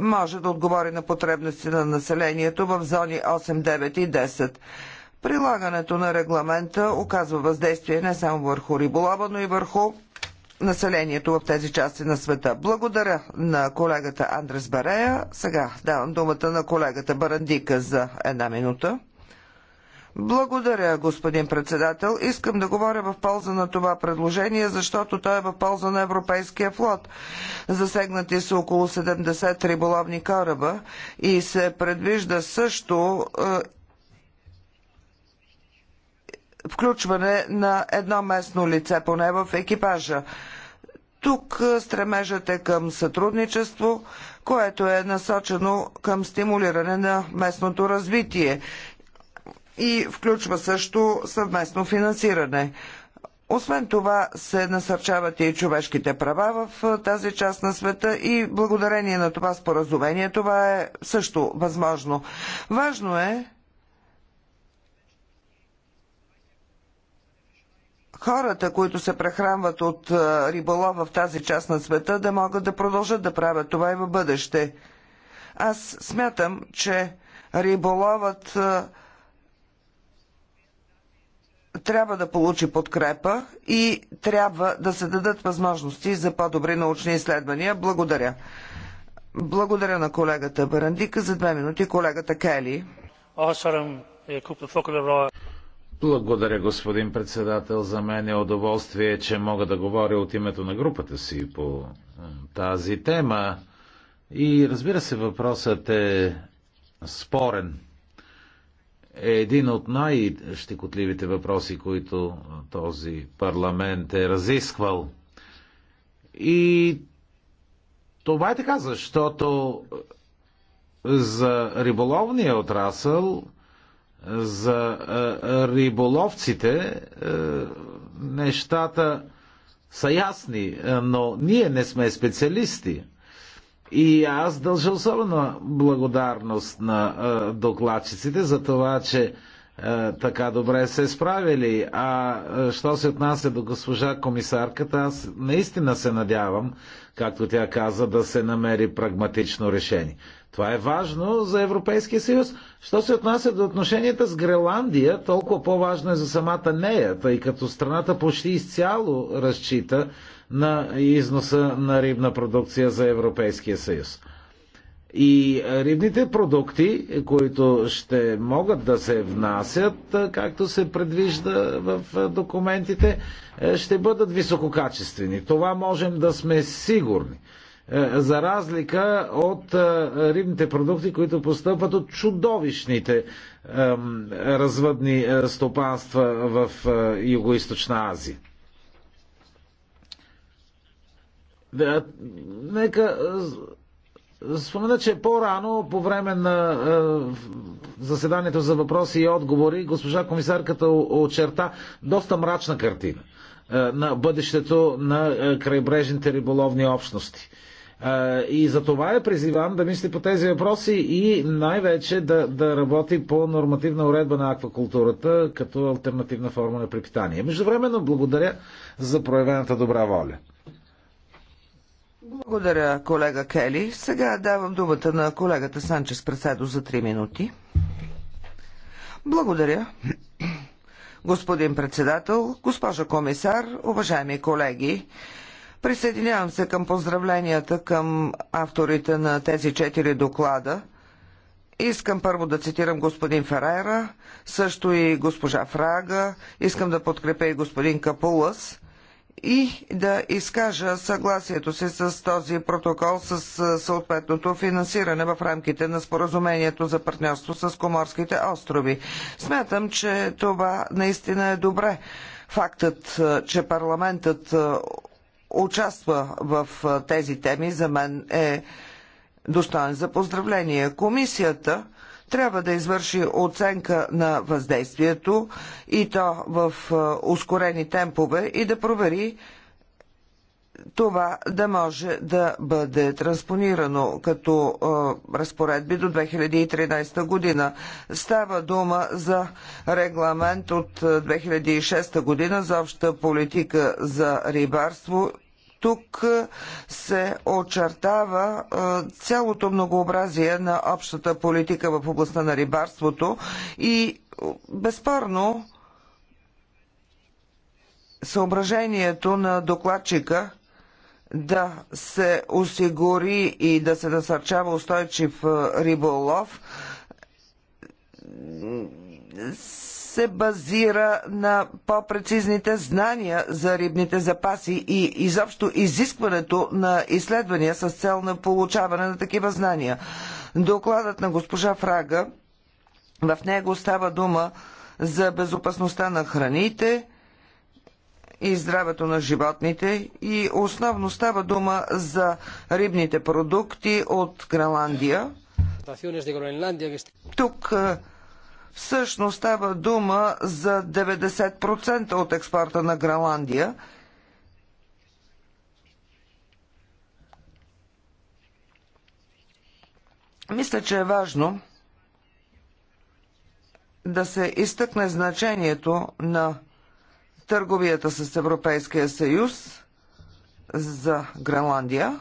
може да отговори на потребности на населението в зони 8, 9 и 10. Прилагането на регламента оказва въздействие не само върху риболова, но и върху населението в тези части на света. Благодаря на колегата Андрес Барея. Сега давам думата на колегата Барандика за една минута. Благодаря, господин председател. Искам да говоря в полза на това предложение, защото то е в полза на европейския флот. Засегнати са около 70 риболовни кораба и се предвижда също е, включване на едно местно лице поне в екипажа. Тук стремежът е към сътрудничество, което е насочено към стимулиране на местното развитие и включва също съвместно финансиране. Освен това се насърчават и човешките права в тази част на света и благодарение на това споразумение това е също възможно. Важно е хората, които се прехранват от риболов в тази част на света, да могат да продължат да правят това и в бъдеще. Аз смятам, че риболовът трябва да получи подкрепа и трябва да се дадат възможности за по-добри научни изследвания. Благодаря. Благодаря на колегата Барандика. За две минути колегата Кели. Eh, благодаря, господин председател. За мен е удоволствие, че мога да говоря от името на групата си по е, тази тема. И разбира се, въпросът е спорен. Е един от най-щекотливите въпроси, които този парламент е разисквал. И това е така, защото за риболовния отрасъл за риболовците нещата са ясни, но ние не сме специалисти. И аз дължа особена благодарност на докладчиците за това, че е, така добре се справили. А е, що се отнася до госпожа комисарката, аз наистина се надявам, както тя каза, да се намери прагматично решение. Това е важно за Европейския съюз. Що се отнася до отношенията с Греландия, толкова по-важно е за самата нея, тъй като страната почти изцяло разчита на износа на рибна продукция за Европейския съюз. И рибните продукти, които ще могат да се внасят, както се предвижда в документите, е, ще бъдат висококачествени. Това можем да сме сигурни. Е, за разлика от рибните продукти, които постъпват от чудовищните развъдни е, стопанства в Юго-Источна Азия. Нека Спомена, че по-рано, по време на е, заседанието за въпроси и отговори, госпожа комисарката очерта доста мрачна картина е, на бъдещето на е, крайбрежните риболовни общности. Е, и за това е призиван да мисли по тези въпроси и най-вече да, да работи по нормативна уредба на аквакултурата като альтернативна форма на препитание. Междувременно благодаря за проявената добра воля. Благодаря, колега Кели. Сега давам думата на колегата Санчес Преседо за 3 минути. Благодаря. Господин председател, госпожа комисар, уважаеми колеги, присъединявам се към поздравленията към авторите на тези четири доклада. Искам първо да цитирам господин Ферера, също и госпожа Фрага, искам да подкрепя и господин Капулас и да изкажа съгласието си с този протокол с съответното финансиране в рамките на споразумението за партньорство с Коморските острови. Смятам, че това наистина е добре. Фактът, че парламентът участва в тези теми, за мен е достоен за поздравление. Комисията трябва да извърши оценка на въздействието и то в е, ускорени темпове и да провери това да може да бъде транспонирано като е, разпоредби до 2013 година. Става дума за регламент от 2006 е, година за обща политика за рибарство тук се очертава цялото многообразие на общата политика в областта на рибарството и безспорно съображението на докладчика да се осигури и да се насърчава устойчив риболов се базира на по-прецизните знания за рибните запаси и изобщо изискването на изследвания с цел на получаване на такива знания. Докладът на госпожа Фрага, в него става дума за безопасността на храните, и здравето на животните и основно става дума за рибните продукти от Гренландия. Тук Всъщност става дума за 90% от експорта на Гренландия. Мисля, че е важно да се изтъкне значението на търговията с Европейския съюз за Гренландия.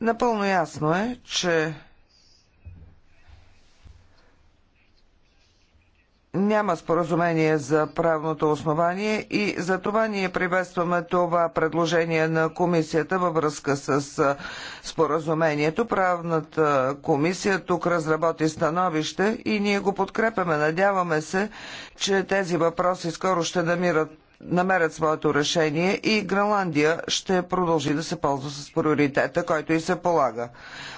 Напълно ясно е, че няма споразумение за правното основание и за това ние приветстваме това предложение на комисията във връзка с споразумението. Правната комисия тук разработи становище и ние го подкрепяме. Надяваме се, че тези въпроси скоро ще намират намерят своето решение и Гренландия ще продължи да се ползва с приоритета, който и се полага.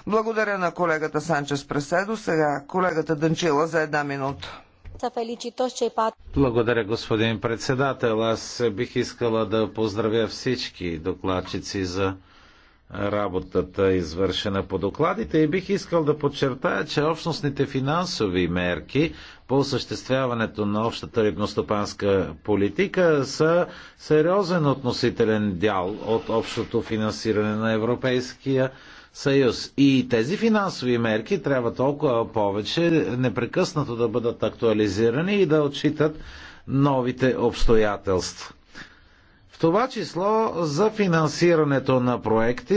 Благодаря на колегата Санчес Преседо. Сега колегата Дънчила за една минута. Благодаря, господин председател. Аз бих искала да поздравя всички докладчици за работата, извършена по докладите и бих искал да подчертая, че общностните финансови мерки по осъществяването на общата рибностопанска политика са сериозен относителен дял от общото финансиране на Европейския съюз. И тези финансови мерки трябва толкова повече непрекъснато да бъдат актуализирани и да отчитат новите обстоятелства. В това число за финансирането на проекти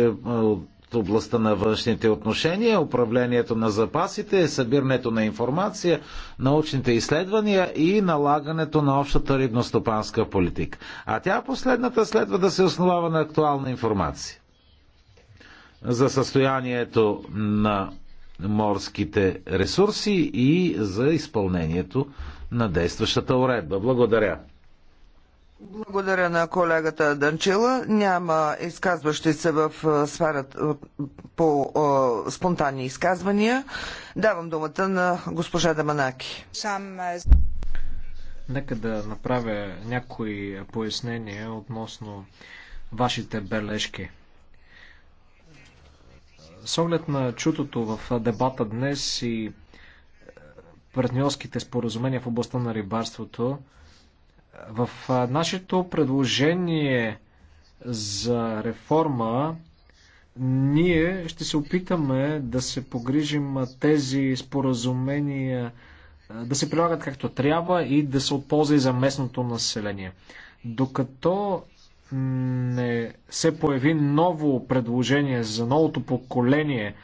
е, от областта на външните отношения, управлението на запасите, събирането на информация, научните изследвания и налагането на общата рибностопанска политика. А тя последната следва да се основава на актуална информация за състоянието на морските ресурси и за изпълнението на действащата уредба. Благодаря. Благодаря на колегата Данчила. Няма изказващи се в сферата по спонтанни изказвания. Давам думата на госпожа Даманаки. Нека да направя някои пояснения относно вашите бележки. С оглед на чутото в дебата днес и е, партньорските споразумения в областта на рибарството, е, в е, нашето предложение за реформа ние ще се опитаме да се погрижим тези споразумения да се прилагат както трябва и да се отползва и за местното население. Докато не се появи ново предложение за новото поколение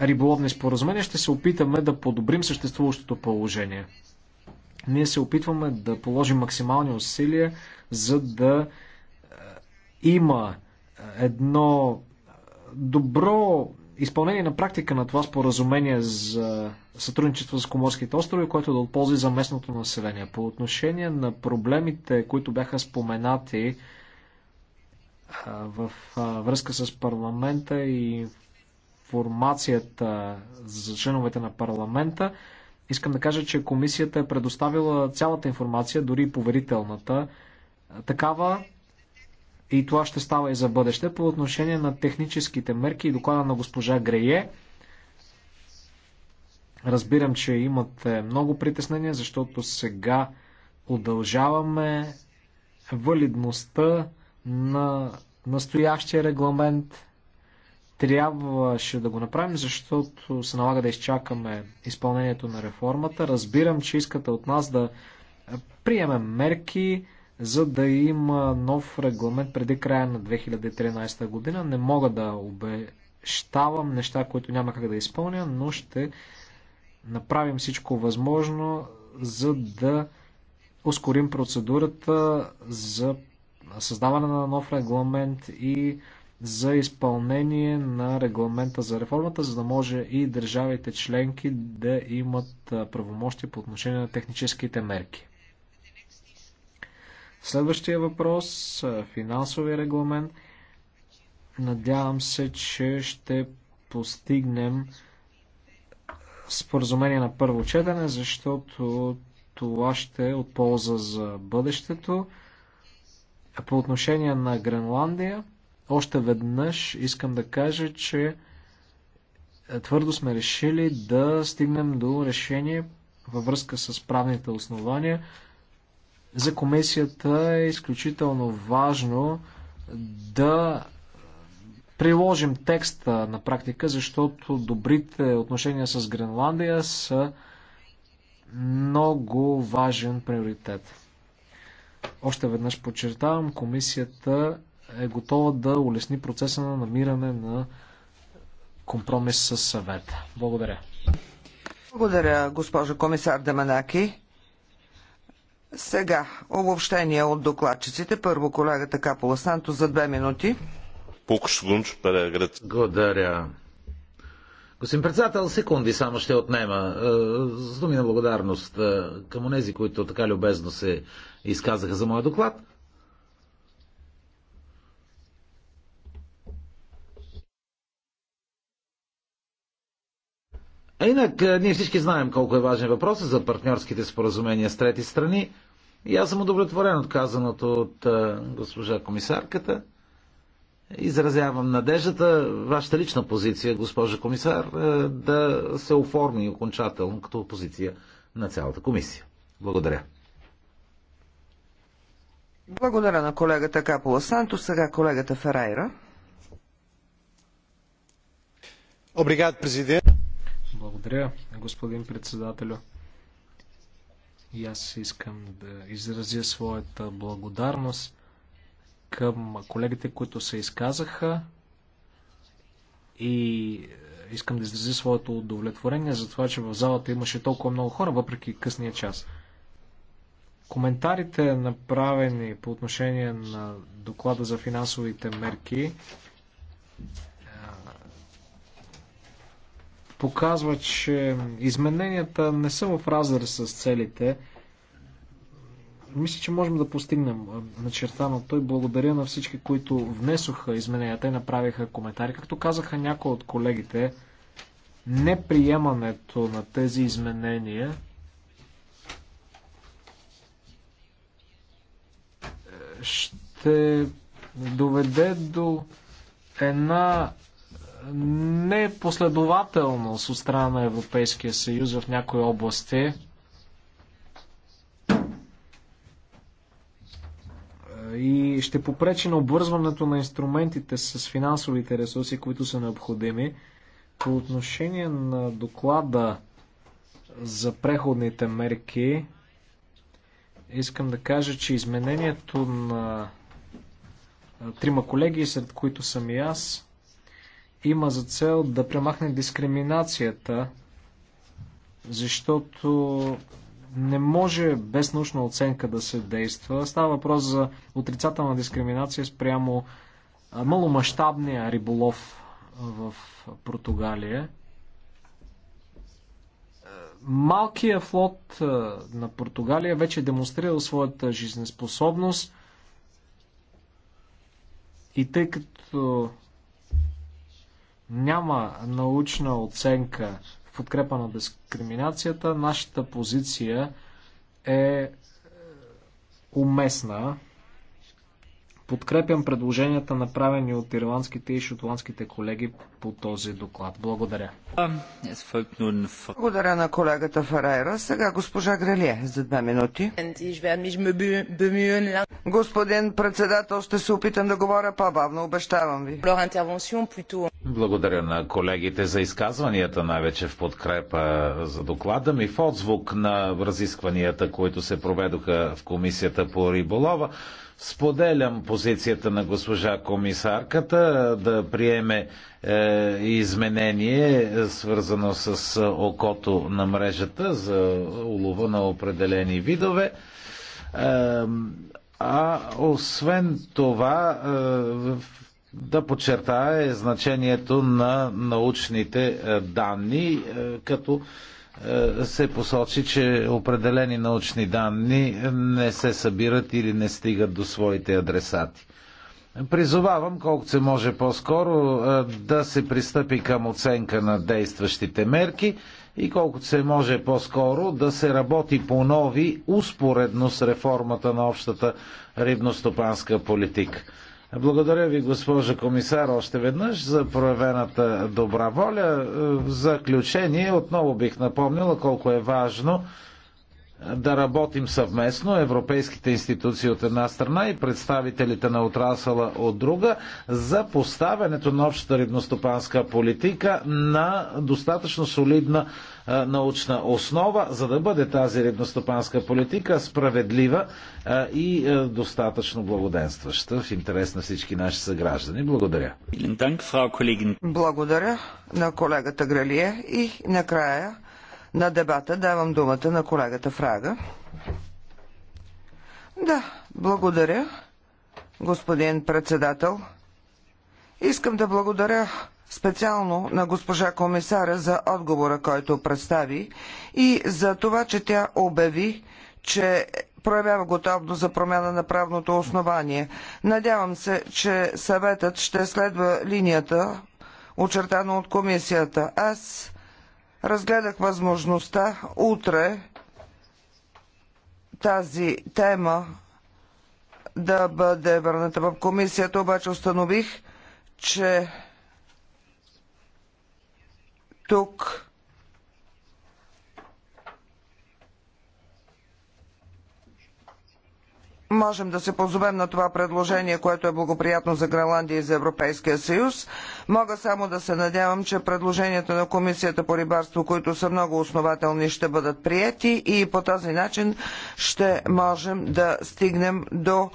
риболовни споразумения, ще се опитаме да подобрим съществуващото положение. Ние се опитваме да положим максимални усилия, за да е, има е, едно добро изпълнение на практика на това споразумение за сътрудничество с Коморските острови, което да отползи за местното население. По отношение на проблемите, които бяха споменати в връзка с парламента и информацията за членовете на парламента. Искам да кажа, че комисията е предоставила цялата информация, дори поверителната. Такава и това ще става и за бъдеще. По отношение на техническите мерки и доклада на госпожа Грее, разбирам, че имате много притеснения, защото сега удължаваме валидността на настоящия регламент. Трябваше да го направим, защото се налага да изчакаме изпълнението на реформата. Разбирам, че искате от нас да приемем мерки, за да има нов регламент преди края на 2013 година. Не мога да обещавам неща, които няма как да изпълня, но ще направим всичко възможно, за да ускорим процедурата за създаване на нов регламент и за изпълнение на регламента за реформата, за да може и държавите членки да имат правомощия по отношение на техническите мерки. Следващия въпрос финансовия регламент. Надявам се, че ще постигнем споразумение на първо четене, защото това ще е от полза за бъдещето. По отношение на Гренландия, още веднъж искам да кажа, че е, твърдо сме решили да стигнем до решение във връзка с правните основания. За комисията е изключително важно да приложим текста на практика, защото добрите отношения с Гренландия са много важен приоритет. Още веднъж подчертавам, комисията е готова да улесни процеса на намиране на компромис с съвета. Благодаря. Благодаря, госпожо комисар Деманаки. Сега обобщение от докладчиците. Първо колегата Капола Санто за две минути. Благодаря. Господин председател, секунди само ще отнема. Е, с думи на благодарност е, към онези, които така любезно се изказаха за моя доклад. А инак, е, ние всички знаем колко е важен въпрос за партньорските споразумения с трети страни. И аз съм удовлетворен от казаното от госпожа комисарката. Изразявам надеждата, вашата лична позиция, госпожа комисар, е, да се оформи окончателно като позиция на цялата комисия. Благодаря. Благодаря на колегата Капола Санто. Сега колегата Ферайра. Обригад, президент. Благодаря, господин председателю. И аз искам да изразя своята благодарност към колегите, които се изказаха и искам да изрази своето удовлетворение за това, че в залата имаше толкова много хора, въпреки късния час. Коментарите, направени по отношение на доклада за финансовите мерки, е, показва, че измененията не са в разрез с целите, мисля, че можем да постигнем начертано. той. благодаря на всички, които внесоха измененията и направиха коментари. Както казаха някои от колегите, неприемането на тези изменения е, ще доведе до една е, непоследователност от страна на Европейския съюз в някои области. и ще попречи на обвързването на инструментите с финансовите ресурси, които са необходими. По отношение на доклада за преходните мерки, искам да кажа, че изменението на трима колеги, сред които съм и аз, има за цел да премахне дискриминацията, защото не може без научна оценка да се действа. Става въпрос за отрицателна дискриминация спрямо маломащабния риболов в Португалия. Малкият флот на Португалия вече е демонстрирал своята жизнеспособност и тъй като няма научна оценка подкрепа на дискриминацията. Нашата позиция е, е уместна Подкрепям предложенията, направени от ирландските и шотландските колеги по този доклад. Благодаря. Благодаря на колегата Фарайра. Сега госпожа Грелие за две минути. Господин председател, ще се опитам да говоря по-бавно, обещавам ви. Благодаря на колегите за изказванията, най-вече в подкрепа за доклада ми, в отзвук на разискванията, които се проведоха в Комисията по риболова. Споделям позицията на госпожа комисарката да приеме е, изменение, свързано с окото на мрежата за улова на определени видове. Е, а освен това, е, да подчертае значението на научните е, данни, е, като е, се посочи, че определени научни данни не се събират или не стигат до своите адресати. Призовавам колкото се може по-скоро е, да се пристъпи към оценка на действащите мерки и колкото се може по-скоро да се работи по нови успоредно с реформата на общата рибностопанска политика. Благодаря ви, госпожа комисар, още веднъж за проявената добра воля. Е, в заключение отново бих напомнила колко е важно е, да работим съвместно, европейските институции от една страна и представителите на отрасъла от друга, за поставянето на общата рибностопанска политика на достатъчно солидна научна основа, за да бъде тази рибностопанска политика справедлива и достатъчно благоденстваща в интерес на всички наши съграждани. Благодаря. Благодаря на колегата Гралие и накрая на дебата давам думата на колегата Фрага. Да, благодаря, господин председател. Искам да благодаря специално на госпожа комисара за отговора, който представи и за това, че тя обяви, че проявява готовност за промяна на правното основание. Надявам се, че съветът ще следва линията, очертана от комисията. Аз разгледах възможността утре тази тема да бъде върната в комисията, обаче установих, че тук можем да се позовем на това предложение, което е благоприятно за Гренландия и за Европейския съюз. Мога само да се надявам, че предложенията на Комисията по рибарство, които са много основателни, ще бъдат приети и по този начин ще можем да стигнем до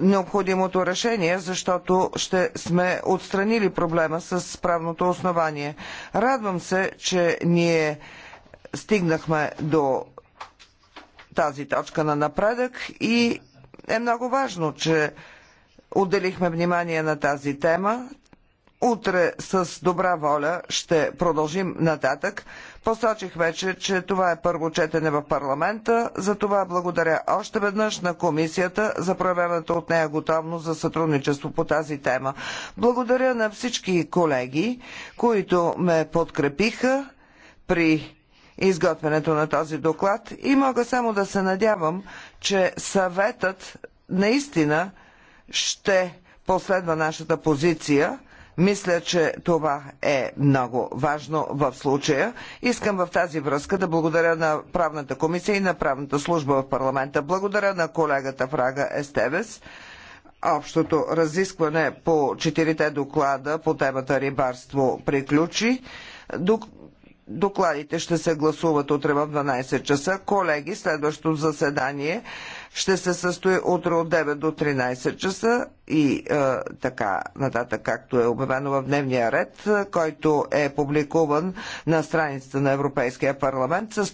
необходимото решение, защото ще сме отстранили проблема с правното основание. Радвам се, че ние стигнахме до тази точка на напредък и е много важно, че отделихме внимание на тази тема. Утре с добра воля ще продължим нататък. Посочих вече, че това е първо четене в парламента, за това благодаря още веднъж на комисията за проявената от нея готовност за сътрудничество по тази тема. Благодаря на всички колеги, които ме подкрепиха при изготвянето на този доклад и мога само да се надявам, че съветът наистина ще последва нашата позиция мисля, че това е много важно в случая. Искам в тази връзка да благодаря на правната комисия и на правната служба в парламента. Благодаря на колегата Фрага Естевес общото разискване по четирите доклада по темата рибарство приключи. Докладите ще се гласуват утре в 12 часа. Колеги, следващото заседание ще се състои утре от 9 до 13 часа и е, така нататък, както е обявено в дневния ред, който е публикуван на страницата на Европейския парламент. С